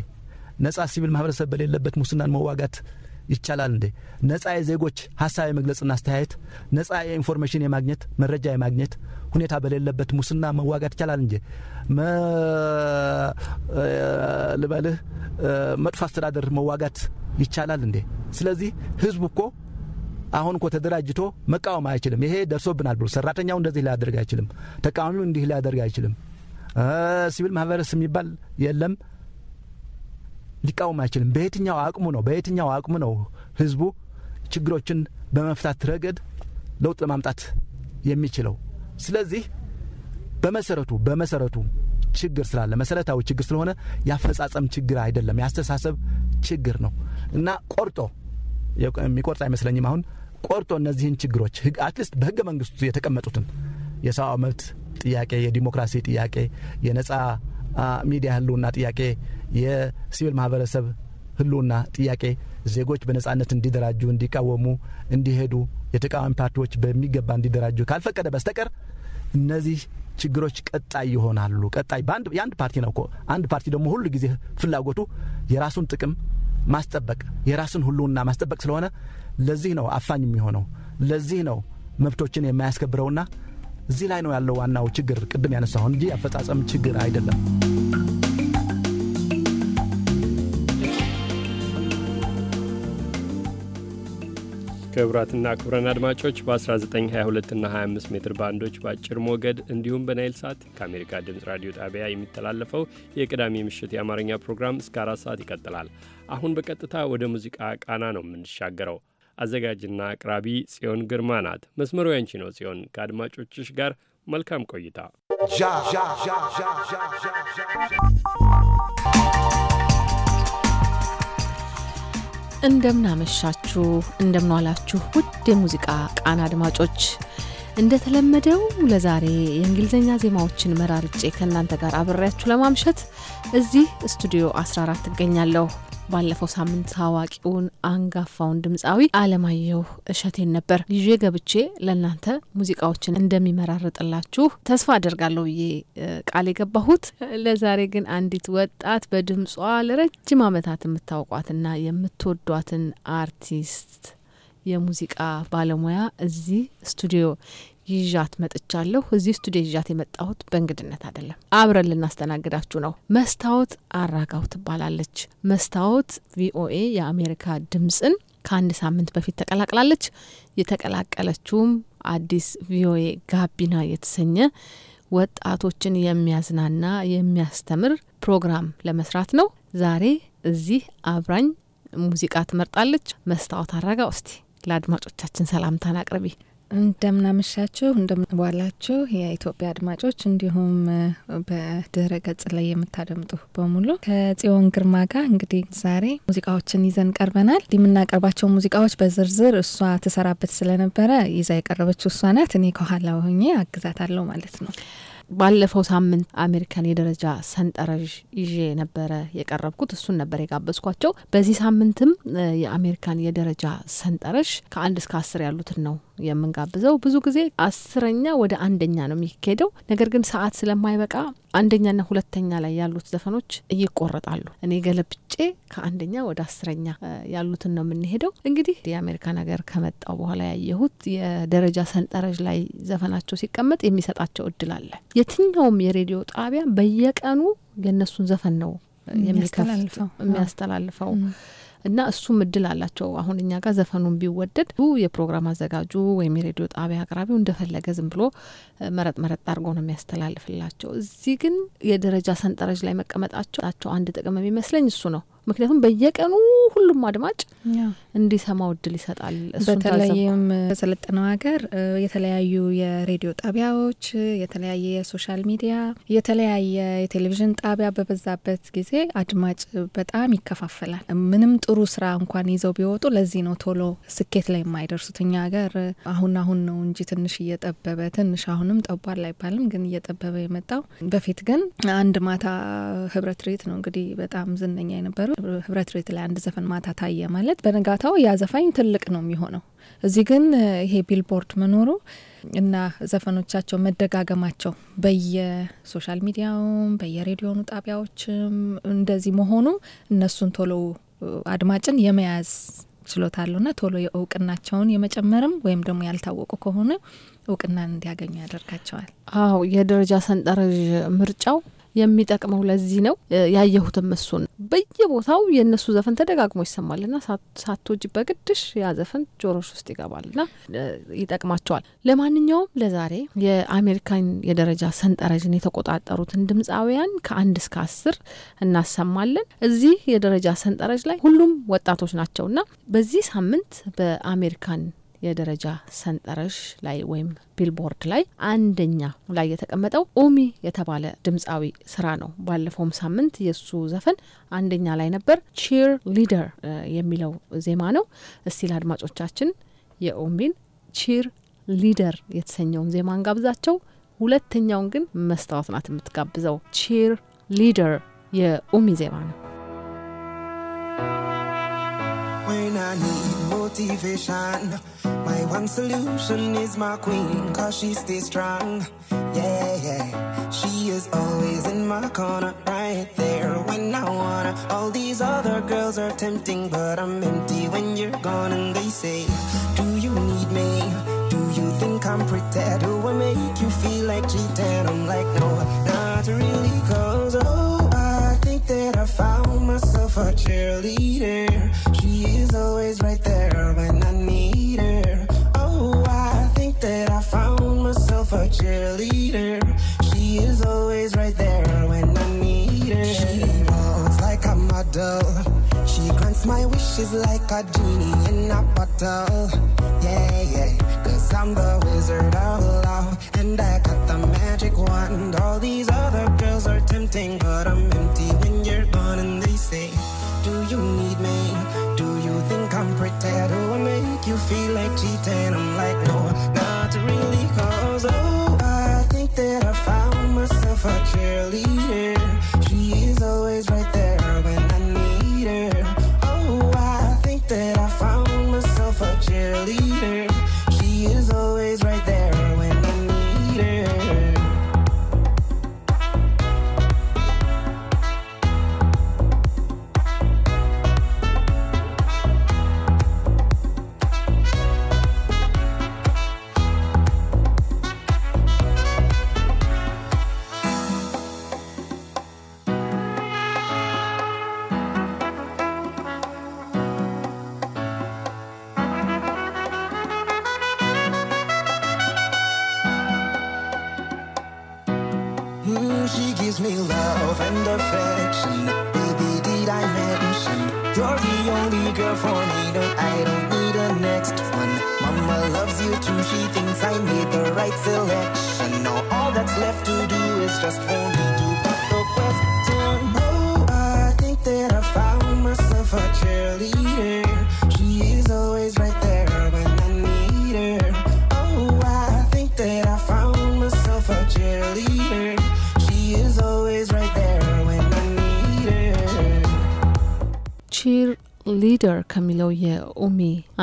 Speaker 3: ነጻ ሲቪል ማህበረሰብ በሌለበት ሙስናን መዋጋት ይቻላል እንዴ? ነጻ የዜጎች ሀሳብ የመግለጽና አስተያየት፣ ነጻ የኢንፎርሜሽን የማግኘት መረጃ የማግኘት ሁኔታ በሌለበት ሙስና መዋጋት ይቻላል እንጂ ልበልህ መጥፎ አስተዳደር መዋጋት ይቻላል እንዴ? ስለዚህ ህዝቡ እኮ አሁን እኮ ተደራጅቶ መቃወም አይችልም። ይሄ ደርሶብናል ብሎ ሰራተኛው እንደዚህ ሊያደርግ አይችልም። ተቃዋሚው እንዲህ ሊያደርግ አይችልም። ሲቪል ማህበረሰብ የሚባል የለም። ሊቃወም አይችልም። በየትኛው አቅሙ ነው በየትኛው አቅሙ ነው ህዝቡ ችግሮችን በመፍታት ረገድ ለውጥ ለማምጣት የሚችለው? ስለዚህ በመሰረቱ በመሰረቱ ችግር ስላለ መሰረታዊ ችግር ስለሆነ ያፈጻጸም ችግር አይደለም፣ ያስተሳሰብ ችግር ነው እና ቆርጦ የሚቆርጥ አይመስለኝም አሁን ቆርጦ እነዚህን ችግሮች አትሊስት በህገ መንግስቱ የተቀመጡትን የሰብአዊ መብት ጥያቄ፣ የዲሞክራሲ ጥያቄ፣ የነጻ ሚዲያ ህልውና ጥያቄ፣ የሲቪል ማህበረሰብ ህልውና ጥያቄ ዜጎች በነጻነት እንዲደራጁ፣ እንዲቃወሙ፣ እንዲሄዱ የተቃዋሚ ፓርቲዎች በሚገባ እንዲደራጁ ካልፈቀደ በስተቀር እነዚህ ችግሮች ቀጣይ ይሆናሉ። ቀጣይ የአንድ ፓርቲ ነው እኮ። አንድ ፓርቲ ደግሞ ሁሉ ጊዜ ፍላጎቱ የራሱን ጥቅም ማስጠበቅ የራሱን ህልውና ማስጠበቅ ስለሆነ ለዚህ ነው አፋኝ የሚሆነው። ለዚህ ነው መብቶችን የማያስከብረውና እዚህ ላይ ነው ያለው ዋናው ችግር ቅድም ያነሳሁ እንጂ አፈጻጸም ችግር አይደለም።
Speaker 2: ክቡራትና ክቡራን አድማጮች በ1922 እና 25 ሜትር ባንዶች በአጭር ሞገድ እንዲሁም በናይል ሳት ከአሜሪካ ድምፅ ራዲዮ ጣቢያ የሚተላለፈው የቅዳሜ ምሽት የአማርኛ ፕሮግራም እስከ አራት ሰዓት ይቀጥላል። አሁን በቀጥታ ወደ ሙዚቃ ቃና ነው የምንሻገረው። አዘጋጅና አቅራቢ ጽዮን ግርማ ናት። መስመሩ ያንቺ ነው ጽዮን። ከአድማጮችሽ ጋር መልካም ቆይታ።
Speaker 6: እንደምናመሻችሁ፣ እንደምናዋላችሁ ውድ የሙዚቃ ቃና አድማጮች እንደተለመደው ለዛሬ የእንግሊዝኛ ዜማዎችን መራርጬ ከእናንተ ጋር አብሬያችሁ ለማምሸት እዚህ ስቱዲዮ 14 እገኛለሁ። ባለፈው ሳምንት ታዋቂውን አንጋፋውን ድምፃዊ አለማየሁ እሸቴን ነበር ይዤ ገብቼ ለእናንተ ሙዚቃዎችን እንደሚመራርጥላችሁ ተስፋ አደርጋለሁ ብዬ ቃል የገባሁት። ለዛሬ ግን አንዲት ወጣት በድምጿ ለረጅም ዓመታት የምታውቋትና የምትወዷትን አርቲስት የሙዚቃ ባለሙያ እዚህ ስቱዲዮ ይዣት መጥቻለሁ። እዚህ ስቱዲዮ ይዣት የመጣሁት በእንግድነት አይደለም፣ አብረን ልናስተናግዳችሁ ነው። መስታወት አራጋው ትባላለች። መስታወት ቪኦኤ የአሜሪካ ድምፅን ከአንድ ሳምንት በፊት ተቀላቅላለች። የተቀላቀለችውም አዲስ ቪኦኤ ጋቢና የተሰኘ ወጣቶችን የሚያዝናና የሚያስተምር ፕሮግራም ለመስራት ነው። ዛሬ እዚህ አብራኝ ሙዚቃ ትመርጣለች። መስታወት አረጋ፣ እስቲ ለአድማጮቻችን ሰላምታን አቅርቢ።
Speaker 7: እንደምናመሻችሁ እንደምንዋላችሁ የኢትዮጵያ አድማጮች እንዲሁም በድህረ ገጽ ላይ የምታደምጡ በሙሉ ከጽዮን ግርማ ጋር እንግዲህ ዛሬ ሙዚቃዎችን ይዘን ቀርበናል። የምናቀርባቸው ሙዚቃዎች በዝርዝር እሷ ትሰራበት ስለነበረ
Speaker 6: ይዛ የቀረበችው እሷ ናት። እኔ ከኋላ ሆኜ አግዛታለሁ ማለት ነው። ባለፈው ሳምንት አሜሪካን የደረጃ ሰንጠረዥ ይዤ ነበረ የቀረብኩት፣ እሱን ነበር የጋበዝኳቸው። በዚህ ሳምንትም የአሜሪካን የደረጃ ሰንጠረዥ ከአንድ እስከ አስር ያሉትን ነው የምንጋብዘው። ብዙ ጊዜ አስረኛ ወደ አንደኛ ነው የሚካሄደው። ነገር ግን ሰዓት ስለማይበቃ አንደኛና ሁለተኛ ላይ ያሉት ዘፈኖች ይቆረጣሉ። እኔ ገለብጬ ከአንደኛ ወደ አስረኛ ያሉትን ነው የምንሄደው። እንግዲህ የአሜሪካን ሀገር ከመጣው በኋላ ያየሁት የደረጃ ሰንጠረዥ ላይ ዘፈናቸው ሲቀመጥ የሚሰጣቸው እድል አለ። የትኛውም የሬዲዮ ጣቢያ በየቀኑ የእነሱን ዘፈን ነው የሚያስተላልፈው። እና እሱም እድል አላቸው። አሁን እኛ ጋር ዘፈኑን ቢወደድ የፕሮግራም አዘጋጁ ወይም የሬዲዮ ጣቢያ አቅራቢው እንደፈለገ ዝም ብሎ መረጥ መረጥ አድርጎ ነው የሚያስተላልፍላቸው። እዚህ ግን የደረጃ ሰንጠረዥ ላይ መቀመጣቸው አንድ ጥቅም የሚመስለኝ እሱ ነው። ምክንያቱም በየቀኑ ሁሉም አድማጭ እንዲሰማው እድል ይሰጣል። በተለይም
Speaker 7: በሰለጠነው ሀገር የተለያዩ የሬዲዮ ጣቢያዎች፣ የተለያየ የሶሻል ሚዲያ፣ የተለያየ የቴሌቪዥን ጣቢያ በበዛበት ጊዜ አድማጭ በጣም ይከፋፈላል። ምንም ጥሩ ስራ እንኳን ይዘው ቢወጡ ለዚህ ነው ቶሎ ስኬት ላይ የማይደርሱት። እኛ ሀገር አሁን አሁን ነው እንጂ ትንሽ እየጠበበ ትንሽ አሁንም ጠቧል አይባልም፣ ግን እየጠበበ የመጣው በፊት ግን አንድ ማታ ህብረት ሬት ነው እንግዲህ በጣም ዝነኛ የነበሩ ህብረት ሬት ላይ አንድ ዘፈን ማታ ታየ ማለት በነጋ በነጋታው ያ ዘፋኝ ትልቅ ነው የሚሆነው። እዚህ ግን ይሄ ቢልቦርድ መኖሩ እና ዘፈኖቻቸው መደጋገማቸው በየሶሻል ሚዲያውም በየሬዲዮኑ ጣቢያዎችም እንደዚህ መሆኑ እነሱን ቶሎ አድማጭን የመያዝ ችሎታ አለውና ቶሎ እውቅናቸውን የመጨመርም ወይም ደግሞ ያልታወቁ ከሆነ እውቅናን እንዲያገኙ ያደርጋቸዋል።
Speaker 6: አዎ የደረጃ ሰንጠረዥ ምርጫው የሚጠቅመው ለዚህ ነው ያየሁትም እሱን በየቦታው የእነሱ ዘፈን ተደጋግሞ ይሰማልና ሳቶጅ በግድሽ ያ ዘፈን ጆሮሽ ውስጥ ይገባልና ይጠቅማቸዋል። ለማንኛውም ለዛሬ የአሜሪካን የደረጃ ሰንጠረዥን የተቆጣጠሩትን ድምፃውያን ከአንድ እስከ አስር እናሰማለን። እዚህ የደረጃ ሰንጠረዥ ላይ ሁሉም ወጣቶች ናቸውና በዚህ ሳምንት በአሜሪካን የደረጃ ሰንጠረዥ ላይ ወይም ቢልቦርድ ላይ አንደኛ ላይ የተቀመጠው ኦሚ የተባለ ድምፃዊ ስራ ነው። ባለፈውም ሳምንት የእሱ ዘፈን አንደኛ ላይ ነበር። ቺር ሊደር የሚለው ዜማ ነው። እስቲ ለአድማጮቻችን የኦሚን ቺር ሊደር የተሰኘውን ዜማ እንጋብዛቸው። ሁለተኛውን ግን መስታወት ናት የምትጋብዘው። ቺር ሊደር የኦሚ ዜማ ነው።
Speaker 8: motivation. My one solution is my queen, cause she stays strong. Yeah, yeah. She is always in my corner, right there when I wanna. All these other girls are tempting, but I'm empty when you're gone. And they say, Do you need me? Do you think I'm pretty? Do I make you feel like cheating? I'm like, No, not really, cause oh, I think that I found myself a cheerleader. She's always right there when I need her. Oh, I think that I found myself a cheerleader. She is always right there when I need her. She walks like a model. She grants my wishes like a genie in a bottle. Yeah, yeah. Cause I'm the wizard of love. And I got the magic wand. All these other girls are tempting, but I'm empty when you're gone and they say, Do you need me? something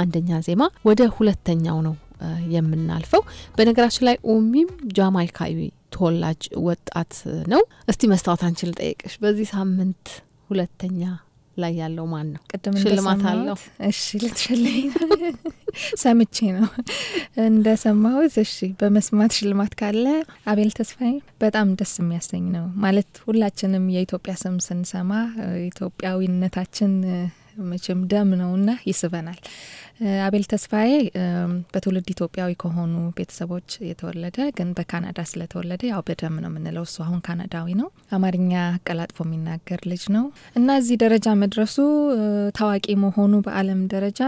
Speaker 6: አንደኛ ዜማ ወደ ሁለተኛው ነው የምናልፈው። በነገራችን ላይ ኡሚም ጃማይካዊ ተወላጅ ወጣት ነው። እስቲ መስታወት አንችል ጠየቅሽ በዚህ ሳምንት ሁለተኛ ላይ ያለው ማን ነው? ቅድም ሽልማት አለው።
Speaker 7: እሺ ልትሸልኝ ሰምቼ ነው እንደሰማሁት። እሺ በመስማት ሽልማት ካለ አቤል ተስፋዬ በጣም ደስ የሚያሰኝ ነው። ማለት ሁላችንም የኢትዮጵያ ስም ስንሰማ ኢትዮጵያዊነታችን መቼም ደም ነውና ይስበናል። አቤል ተስፋዬ በትውልድ ኢትዮጵያዊ ከሆኑ ቤተሰቦች የተወለደ ግን በካናዳ ስለተወለደ ያው በደም ነው የምንለው። እሱ አሁን ካናዳዊ ነው። አማርኛ አቀላጥፎ የሚናገር ልጅ ነው እና እዚህ ደረጃ መድረሱ ታዋቂ መሆኑ በዓለም ደረጃ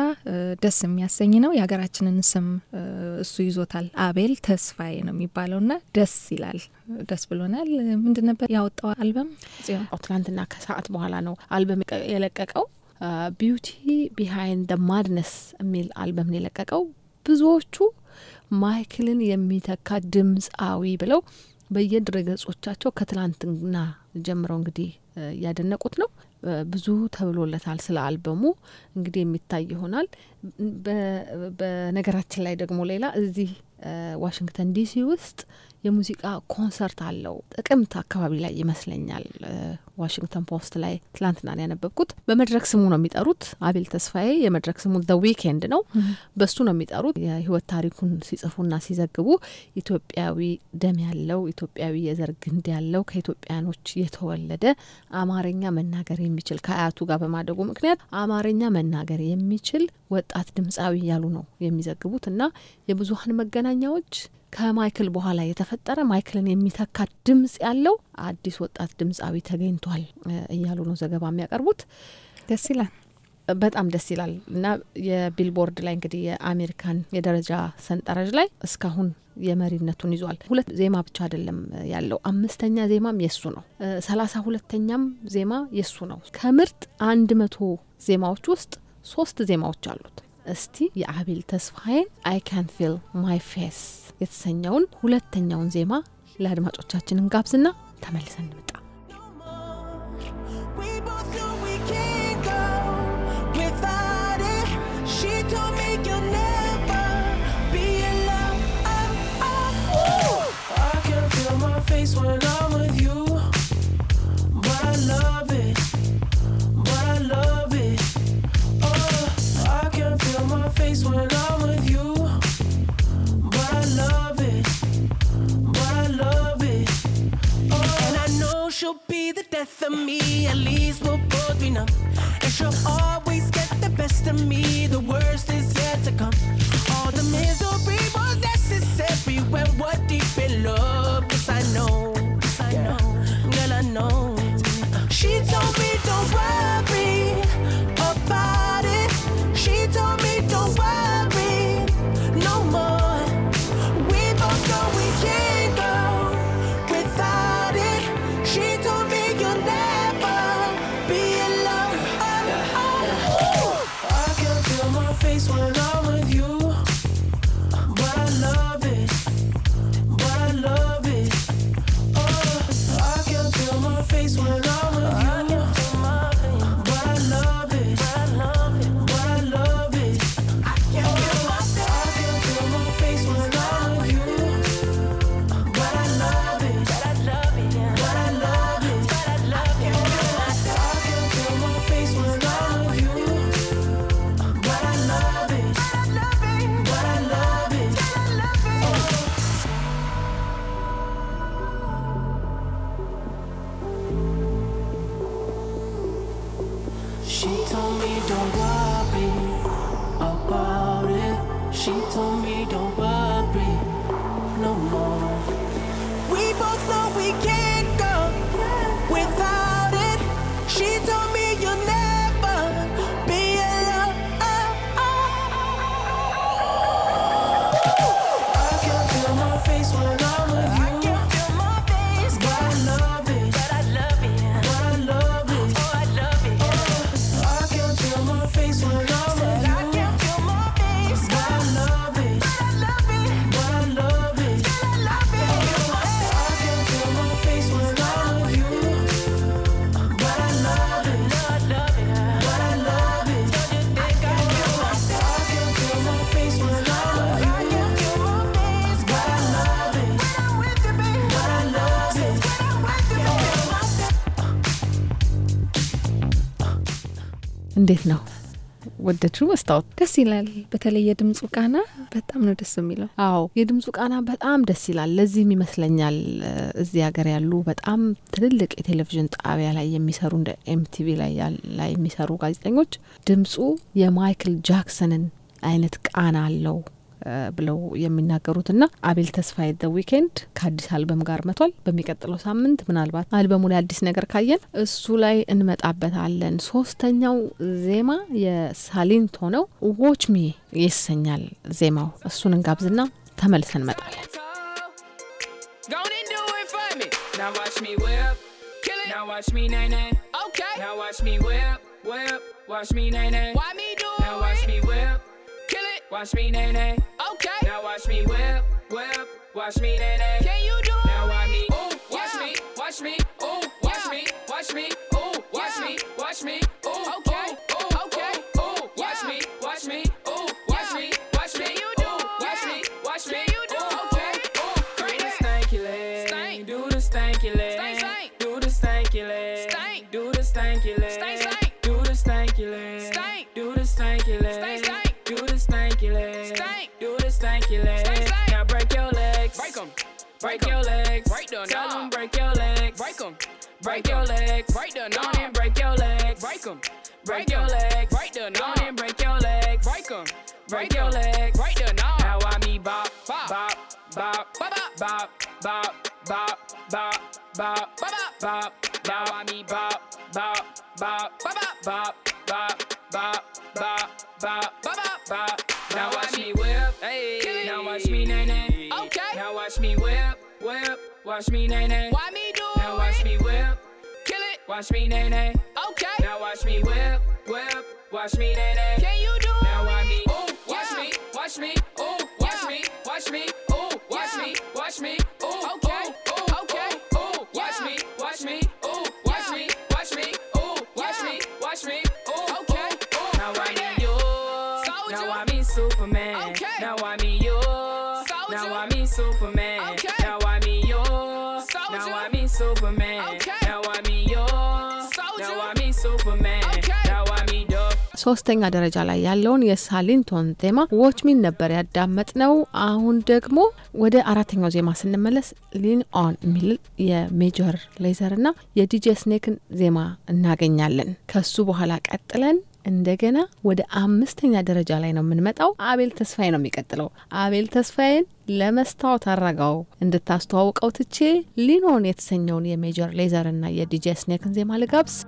Speaker 7: ደስ የሚያሰኝ ነው። የሀገራችንን ስም እሱ ይዞታል። አቤል ተስፋዬ ነው የሚባለውና ደስ ይላል። ደስ ብሎናል። ምንድን
Speaker 6: ነበር ያወጣው አልበም? ትናንትና ከሰዓት በኋላ ነው አልበም የለቀቀው ቢዩቲ ቢሃይንድ ደ ማድነስ የሚል አልበም የለቀቀው። ብዙዎቹ ማይክልን የሚተካ ድምፃዊ ብለው በየድረገጾቻቸው ገጾቻቸው ከትላንትና ጀምረው እንግዲህ እያደነቁት ነው። ብዙ ተብሎለታል ስለ አልበሙ እንግዲህ የሚታይ ይሆናል። በነገራችን ላይ ደግሞ ሌላ እዚህ ዋሽንግተን ዲሲ ውስጥ የሙዚቃ ኮንሰርት አለው ጥቅምት አካባቢ ላይ ይመስለኛል ዋሽንግተን ፖስት ላይ ትላንትና ነው ያነበብኩት። በመድረክ ስሙ ነው የሚጠሩት አቤል ተስፋዬ። የመድረክ ስሙ ዘ ዊኬንድ ነው፣ በሱ ነው የሚጠሩት። የህይወት ታሪኩን ሲጽፉና ሲዘግቡ ኢትዮጵያዊ ደም ያለው ኢትዮጵያዊ የዘር ግንድ ያለው ከኢትዮጵያኖች የተወለደ አማርኛ መናገር የሚችል ከአያቱ ጋር በማደጉ ምክንያት አማርኛ መናገር የሚችል ወጣት ድምፃዊ እያሉ ነው የሚዘግቡት እና የብዙሀን መገናኛዎች ከማይክል በኋላ የተፈጠረ ማይክልን የሚተካ ድምጽ ያለው አዲስ ወጣት ድምፃዊ ተገኝቷል እያሉ ነው ዘገባ የሚያቀርቡት። ደስ ይላል። በጣም ደስ ይላል እና የቢልቦርድ ላይ እንግዲህ የአሜሪካን የደረጃ ሰንጠረዥ ላይ እስካሁን የመሪነቱን ይዟል። ሁለት ዜማ ብቻ አይደለም ያለው፣ አምስተኛ ዜማም የሱ ነው። ሰላሳ ሁለተኛም ዜማ የሱ ነው። ከምርጥ አንድ መቶ ዜማዎች ውስጥ ሶስት ዜማዎች አሉት። እስቲ የአቤል ተስፋዬን አይ ካን ፊል ማይ ፌስ የተሰኘውን ሁለተኛውን ዜማ ለአድማጮቻችን እንጋብዝና ተመልሰን እንምጣ።
Speaker 9: when I she'll be the death of me. At least we'll both be numb. And she'll always get the best of me. The worst is yet to come. All the misery was necessary when we're deep in love. Yes, I know. Yes, I know. Girl, I know. She told me, don't worry.
Speaker 6: እንዴት ነው ወደችው? መስታወት
Speaker 7: ደስ ይላል። በተለይ የድምፁ ቃና በጣም ነው ደስ የሚለው።
Speaker 6: አዎ የድምፁ ቃና በጣም ደስ ይላል። ለዚህም ይመስለኛል እዚህ ሀገር ያሉ በጣም ትልልቅ የቴሌቪዥን ጣቢያ ላይ የሚሰሩ እንደ ኤምቲቪ ላይ ላይ የሚሰሩ ጋዜጠኞች ድምፁ የማይክል ጃክሰንን አይነት ቃና አለው ብለው የሚናገሩትና አቤል ተስፋዬ ዘ ዊኬንድ ከአዲስ አልበም ጋር መቷል። በሚቀጥለው ሳምንት ምናልባት አልበሙ ላይ አዲስ ነገር ካየን እሱ ላይ እንመጣበታለን። ሶስተኛው ዜማ የሳሊንቶ ነው፣ ዎች ሚ ይሰኛል ዜማው። እሱን እንጋብዝና ተመልሰን እንመጣለን።
Speaker 10: Now watch me whip, kill it. Now watch me nay nay. Okay. Now watch me whip, whip. Watch me nay nay. Why me do it? Now watch me whip. Watch me, nay, nay. Okay. Now watch me whip, whip. Watch me, nay, nay. Can you do it? Now watch me. Ooh, watch yeah. me, watch me. Ooh, watch yeah. me, watch me. Ooh, watch yeah. me, watch me. break your legs. Break the Tell them break your legs. Break them. Break your legs. Break the known and break your legs. Break them. Break your legs. Break the known and break your legs. Break them. Break your legs. Break the Now I me bop, bop, bop, bop, bop, bop, bop, bop, bop, bop, bop, bop. Now I me bop, bop, bop, bop, bop, bop, bop, bop, bop, bop, bop. Now watch me whip. Hey. Now watch me now watch me whip, whip, watch me nay nay. Why me do Now watch me whip, kill it. Watch me nay nay. Okay. Now watch me whip, whip, watch me nay nay. Can you do now it? Now I me, ooh, watch yeah. me, watch me, ooh, watch yeah. me, watch me, ooh, watch yeah. me, watch me, ooh, okay. Ooh. Superman. Okay. Now I'm in you. Soldier. Now I'm Superman. Okay. Now Now Superman. Okay. Now Now Superman. Okay.
Speaker 6: ሶስተኛ ደረጃ ላይ ያለውን የሳሊንቶን ዜማ ዎችሚን ነበር ያዳመጥ ነው። አሁን ደግሞ ወደ አራተኛው ዜማ ስንመለስ ሊን ኦን የሚል የሜጀር ሌዘር እና የዲጄ ስኔክን ዜማ እናገኛለን። ከሱ በኋላ ቀጥለን እንደገና ወደ አምስተኛ ደረጃ ላይ ነው የምንመጣው። አቤል ተስፋዬ ነው የሚቀጥለው። አቤል ተስፋዬን ለመስታወት አረጋው እንድታስተዋውቀው ትቼ ሊኖን የተሰኘውን የሜጀር ሌዘርና የዲጄ ስኔክን ዜማ ልጋብስ።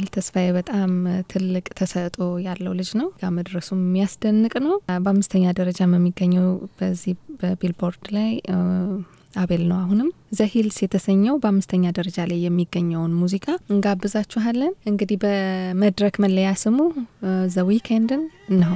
Speaker 7: አቤል ተስፋዬ በጣም ትልቅ ተሰጥኦ ያለው ልጅ ነው። መድረሱ የሚያስደንቅ ነው። በአምስተኛ ደረጃ የሚገኘው በዚህ በቢልቦርድ ላይ አቤል ነው። አሁንም ዘሂልስ የተሰኘው በአምስተኛ ደረጃ ላይ የሚገኘውን ሙዚቃ እንጋብዛችኋለን። እንግዲህ በመድረክ መለያ ስሙ ዘ ዊኬንድን ነው።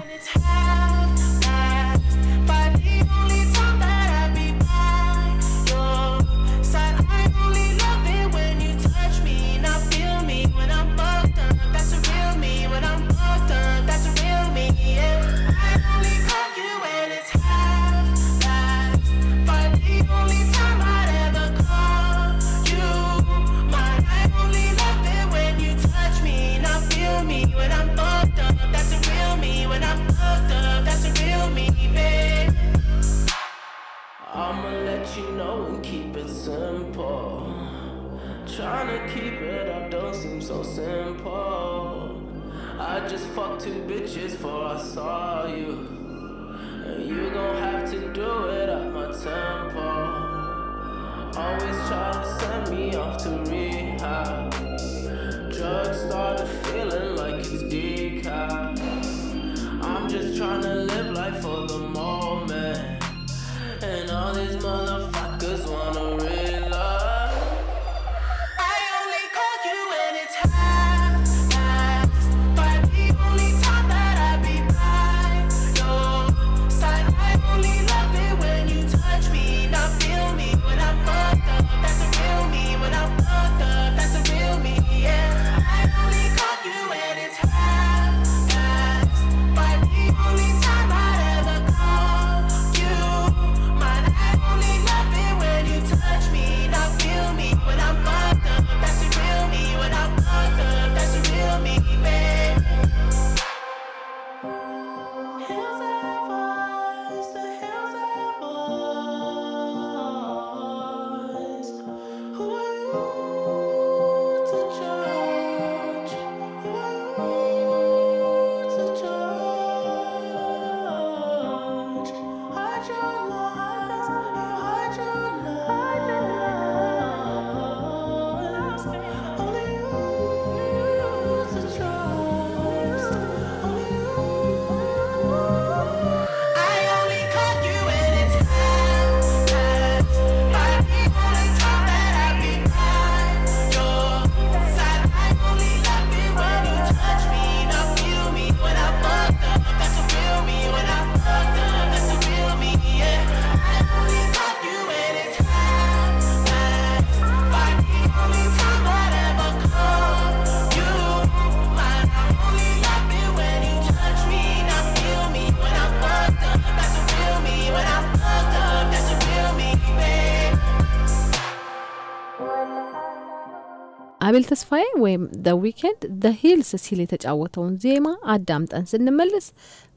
Speaker 6: አቤል ተስፋዬ ወይም ደ ዊኬንድ ደ ሂልስ ሲል የተጫወተውን ዜማ አዳምጠን ስንመልስ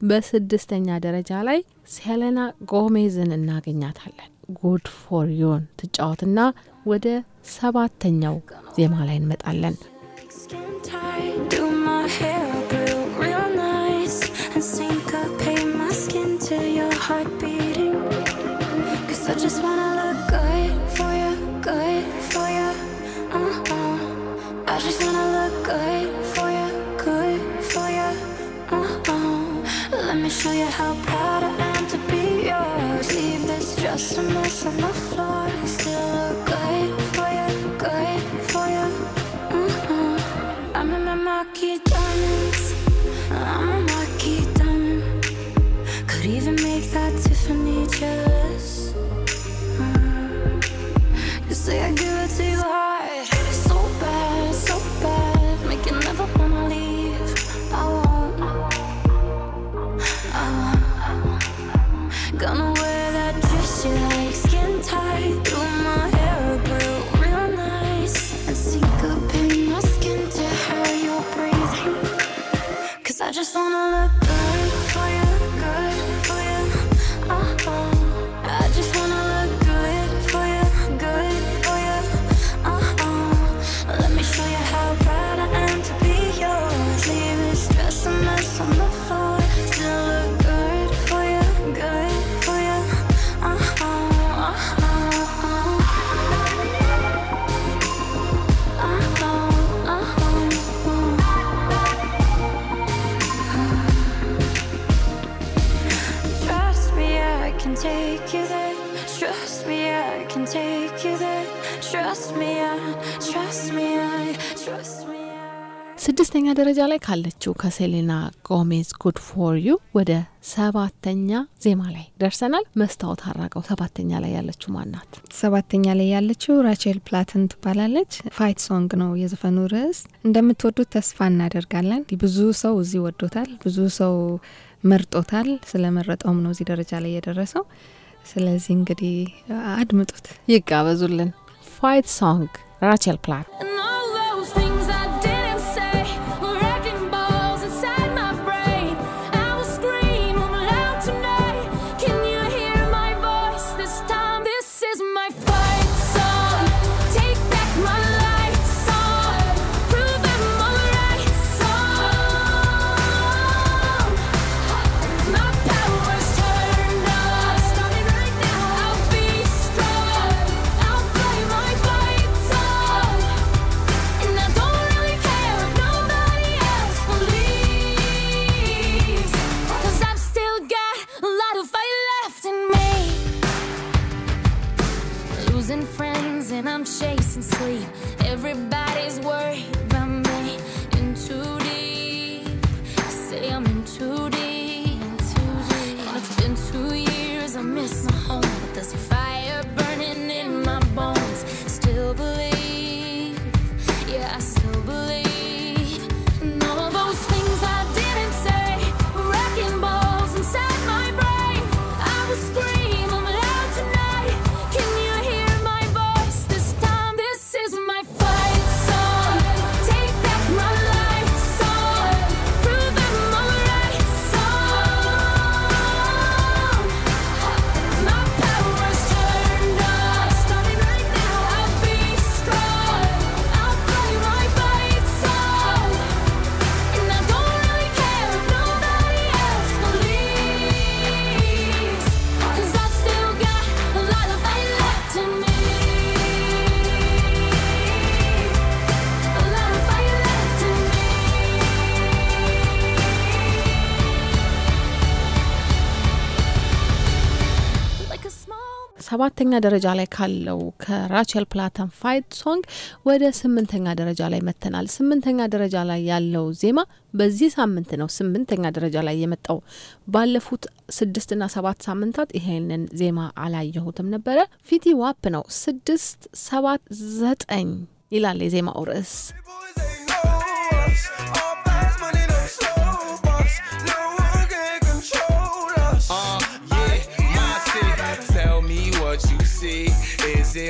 Speaker 6: በስድስተኛ ደረጃ ላይ ሴሌና ጎሜዝን እናገኛታለን። ጉድ ፎር ዩን ትጫወትና ወደ ሰባተኛው ዜማ ላይ እንመጣለን።
Speaker 11: show you how proud I am to be yours. Leave this just a mess on the floor. you Still look good for you, good for you. Mm-hmm. I'm in my marquee diamonds. I'm a marquee diamond. Could even make that Tiffany jealous.
Speaker 6: ስድስተኛ ደረጃ ላይ ካለችው ከሴሌና ጎሜዝ ጉድ ፎር ዩ ወደ ሰባተኛ ዜማ ላይ ደርሰናል። መስታወት አራቀው ሰባተኛ ላይ ያለችው
Speaker 7: ማናት? ሰባተኛ ላይ ያለችው ራቸል ፕላትን ትባላለች። ፋይት ሶንግ ነው የዘፈኑ ርዕስ። እንደምትወዱት ተስፋ እናደርጋለን። ብዙ ሰው እዚህ ወዶታል፣ ብዙ ሰው መርጦታል። ስለመረጠውም ነው እዚህ ደረጃ ላይ የደረሰው። ስለዚህ እንግዲህ
Speaker 6: አድምጡት፣ ይጋበዙልን። ፋይት ሶንግ ራቸል ፕላት ሰባተኛ ደረጃ ላይ ካለው ከራቸል ፕላተን ፋይት ሶንግ ወደ ስምንተኛ ደረጃ ላይ መተናል። ስምንተኛ ደረጃ ላይ ያለው ዜማ በዚህ ሳምንት ነው ስምንተኛ ደረጃ ላይ የመጣው። ባለፉት ስድስትና ሰባት ሳምንታት ይሄንን ዜማ አላየሁትም ነበረ። ፊቲ ዋፕ ነው ስድስት ሰባት ዘጠኝ ይላል የዜማው ርዕስ።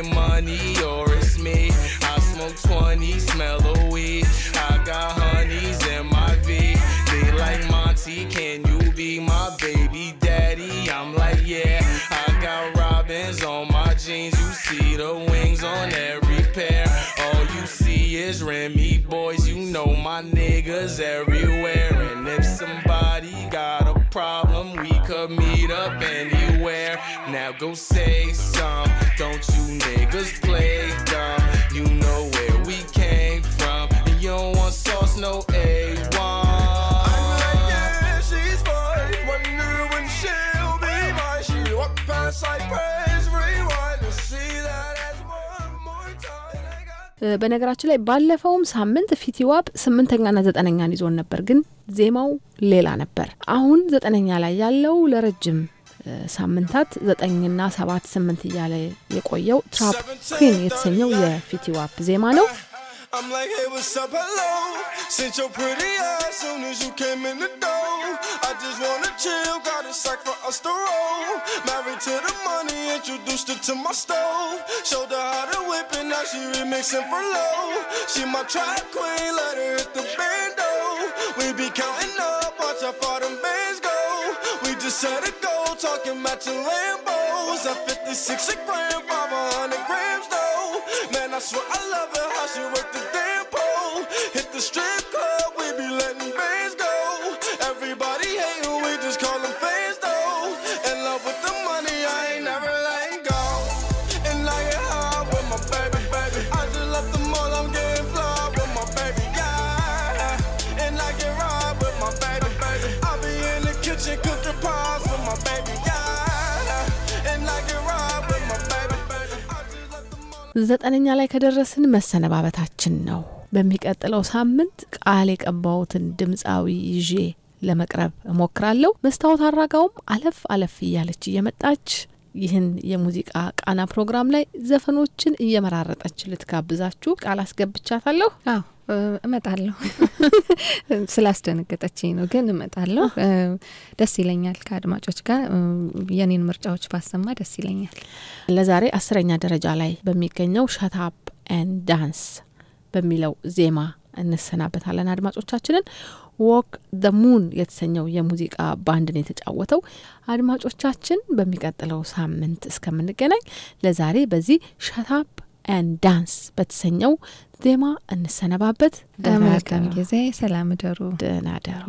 Speaker 12: money or it's me. I smoke 20, smell a weed. I got honeys in my V. They like Monty, can you be my baby daddy? I'm like, yeah. I got robins on my jeans. You see the wings on every pair. All you see is Remy boys. You know my niggas everywhere. And if somebody got a problem, we could meet up and Now go say some. Don't you niggas play dumb. You know where we came from. And you don't want sauce, no A1.
Speaker 6: በነገራችን ላይ ባለፈውም ሳምንት ፊቲዋፕ ስምንተኛና ዘጠነኛን ይዞን ነበር፣ ግን ዜማው ሌላ ነበር። አሁን ዘጠነኛ ላይ ያለው ለረጅም ሳምንታት ዘጠኝና ሰባት ስምንት እያለ የቆየው ትራፕ ኩን የተሰኘው የፊቲ ዜማ ነው። I'm
Speaker 12: like, hey, what's up? Hello. Since your pretty ass soon as you came in the door. I just wanna chill, got a sack for us to roll. Married to the money, introduced her to my stove. Showed her how to whip and now she remixing for low. She my track queen, let her hit the bando. We be counting up, watch how far them bands go. We just set a talking about your Lambos. A 56 a gram, 500 grams though. Man, I swear I love it how she worked the damn pole. Hit the street
Speaker 6: ዘጠነኛ ላይ ከደረስን መሰነባበታችን ነው። በሚቀጥለው ሳምንት ቃል የቀባሁትን ድምፃዊ ይዤ ለመቅረብ እሞክራለሁ። መስታወት አራጋውም አለፍ አለፍ እያለች እየመጣች ይህን የሙዚቃ ቃና ፕሮግራም ላይ ዘፈኖችን እየመራረጠች ልትጋብዛችሁ ቃል አስገብቻታለሁ። አዎ እመጣለሁ። ስላስደነገጠችኝ ነው፣ ግን እመጣለሁ።
Speaker 7: ደስ ይለኛል። ከአድማጮች ጋር የኔን ምርጫዎች ባሰማ ደስ ይለኛል።
Speaker 6: ለዛሬ አስረኛ ደረጃ ላይ በሚገኘው ሸታፕ ን ዳንስ በሚለው ዜማ እንሰናበታለን አድማጮቻችንን ዎክ ደ ሙን የተሰኘው የሙዚቃ ባንድ የተጫወተው። አድማጮቻችን፣ በሚቀጥለው ሳምንት እስከምንገናኝ ለዛሬ በዚህ ሸታፕ ን ዳንስ በተሰኘው ዜማ እንሰነባበት። መልካም ጊዜ። ሰላም ደሩ። ደህና ደሩ።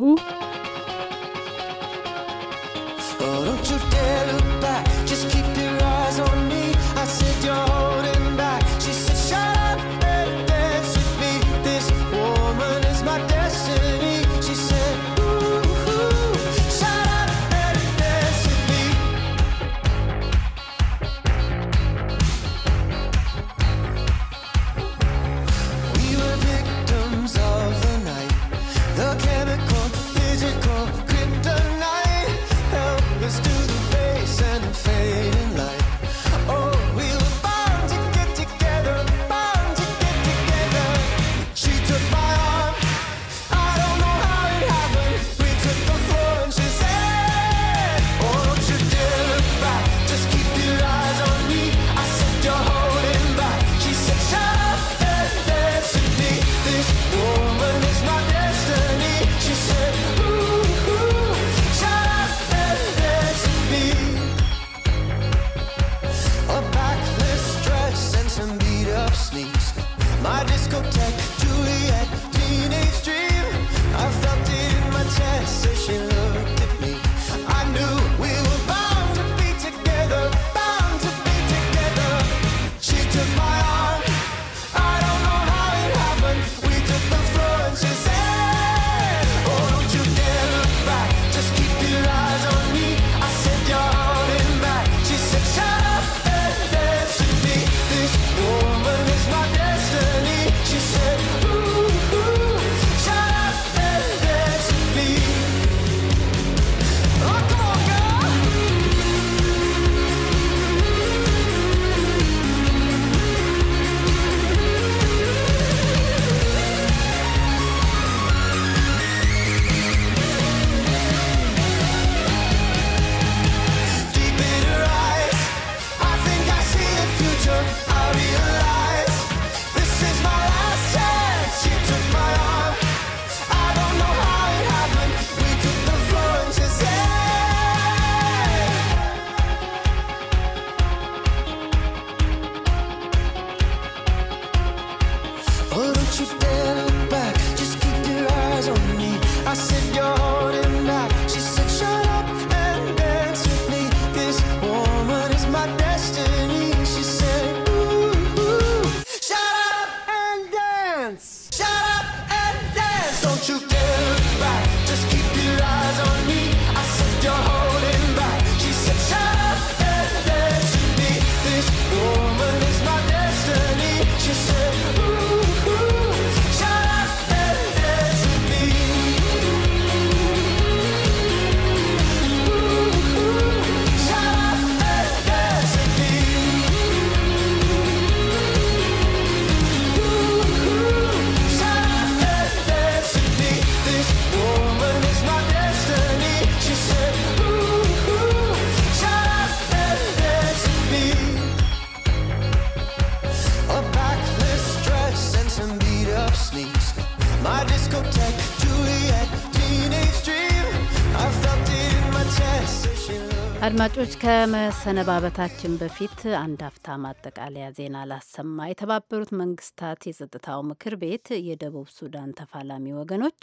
Speaker 4: አድማጮች ከመሰነባበታችን በፊት አንድ አፍታ ማጠቃለያ ዜና ላሰማ። የተባበሩት መንግስታት የጸጥታው ምክር ቤት የደቡብ ሱዳን ተፋላሚ ወገኖች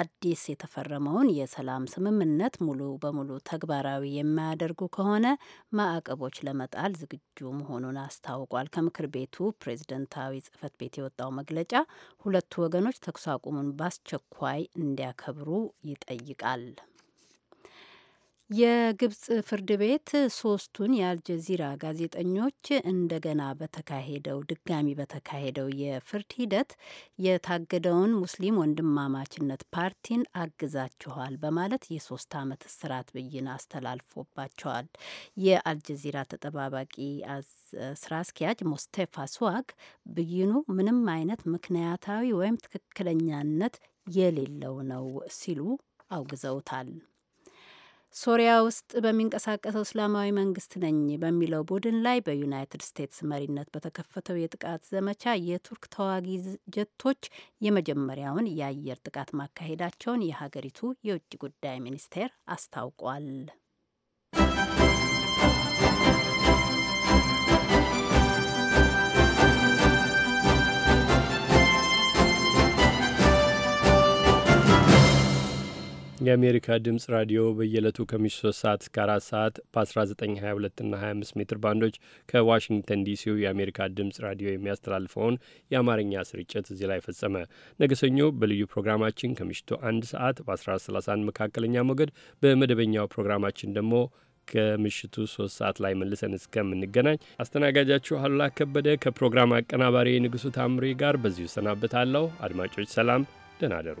Speaker 4: አዲስ የተፈረመውን የሰላም ስምምነት ሙሉ በሙሉ ተግባራዊ የማያደርጉ ከሆነ ማዕቀቦች ለመጣል ዝግጁ መሆኑን አስታውቋል። ከምክር ቤቱ ፕሬዝደንታዊ ጽህፈት ቤት የወጣው መግለጫ ሁለቱ ወገኖች ተኩስ አቁሙን በአስቸኳይ እንዲያከብሩ ይጠይቃል። የግብጽ ፍርድ ቤት ሶስቱን የአልጀዚራ ጋዜጠኞች እንደገና በተካሄደው ድጋሚ በተካሄደው የፍርድ ሂደት የታገደውን ሙስሊም ወንድማማችነት ፓርቲን አግዛችኋል በማለት የሶስት ዓመት እስራት ብይን አስተላልፎባቸዋል። የአልጀዚራ ተጠባባቂ ስራ አስኪያጅ ሞስቴፋ ስዋግ ብይኑ ምንም አይነት ምክንያታዊ ወይም ትክክለኛነት የሌለው ነው ሲሉ አውግዘውታል። ሶሪያ ውስጥ በሚንቀሳቀሰው እስላማዊ መንግስት ነኝ በሚለው ቡድን ላይ በዩናይትድ ስቴትስ መሪነት በተከፈተው የጥቃት ዘመቻ የቱርክ ተዋጊ ጀቶች የመጀመሪያውን የአየር ጥቃት ማካሄዳቸውን የሀገሪቱ የውጭ ጉዳይ ሚኒስቴር አስታውቋል።
Speaker 2: የአሜሪካ ድምፅ ራዲዮ በየዕለቱ ከምሽቱ 3 ሰዓት እስከ 4 ሰዓት በ1922 እና 25 ሜትር ባንዶች ከዋሽንግተን ዲሲው የአሜሪካ ድምፅ ራዲዮ የሚያስተላልፈውን የአማርኛ ስርጭት እዚህ ላይ ፈጸመ። ነገ ሰኞ በልዩ ፕሮግራማችን ከምሽቱ 1 ሰዓት በ1431 መካከለኛ ሞገድ በመደበኛው ፕሮግራማችን ደግሞ ከምሽቱ ሶስት ሰዓት ላይ መልሰን እስከምንገናኝ አስተናጋጃችሁ አሉላ ከበደ ከፕሮግራም አቀናባሪ ንጉሱ ታምሬ ጋር በዚሁ ሰናበታለሁ። አድማጮች ሰላም፣ ደህና አደሩ።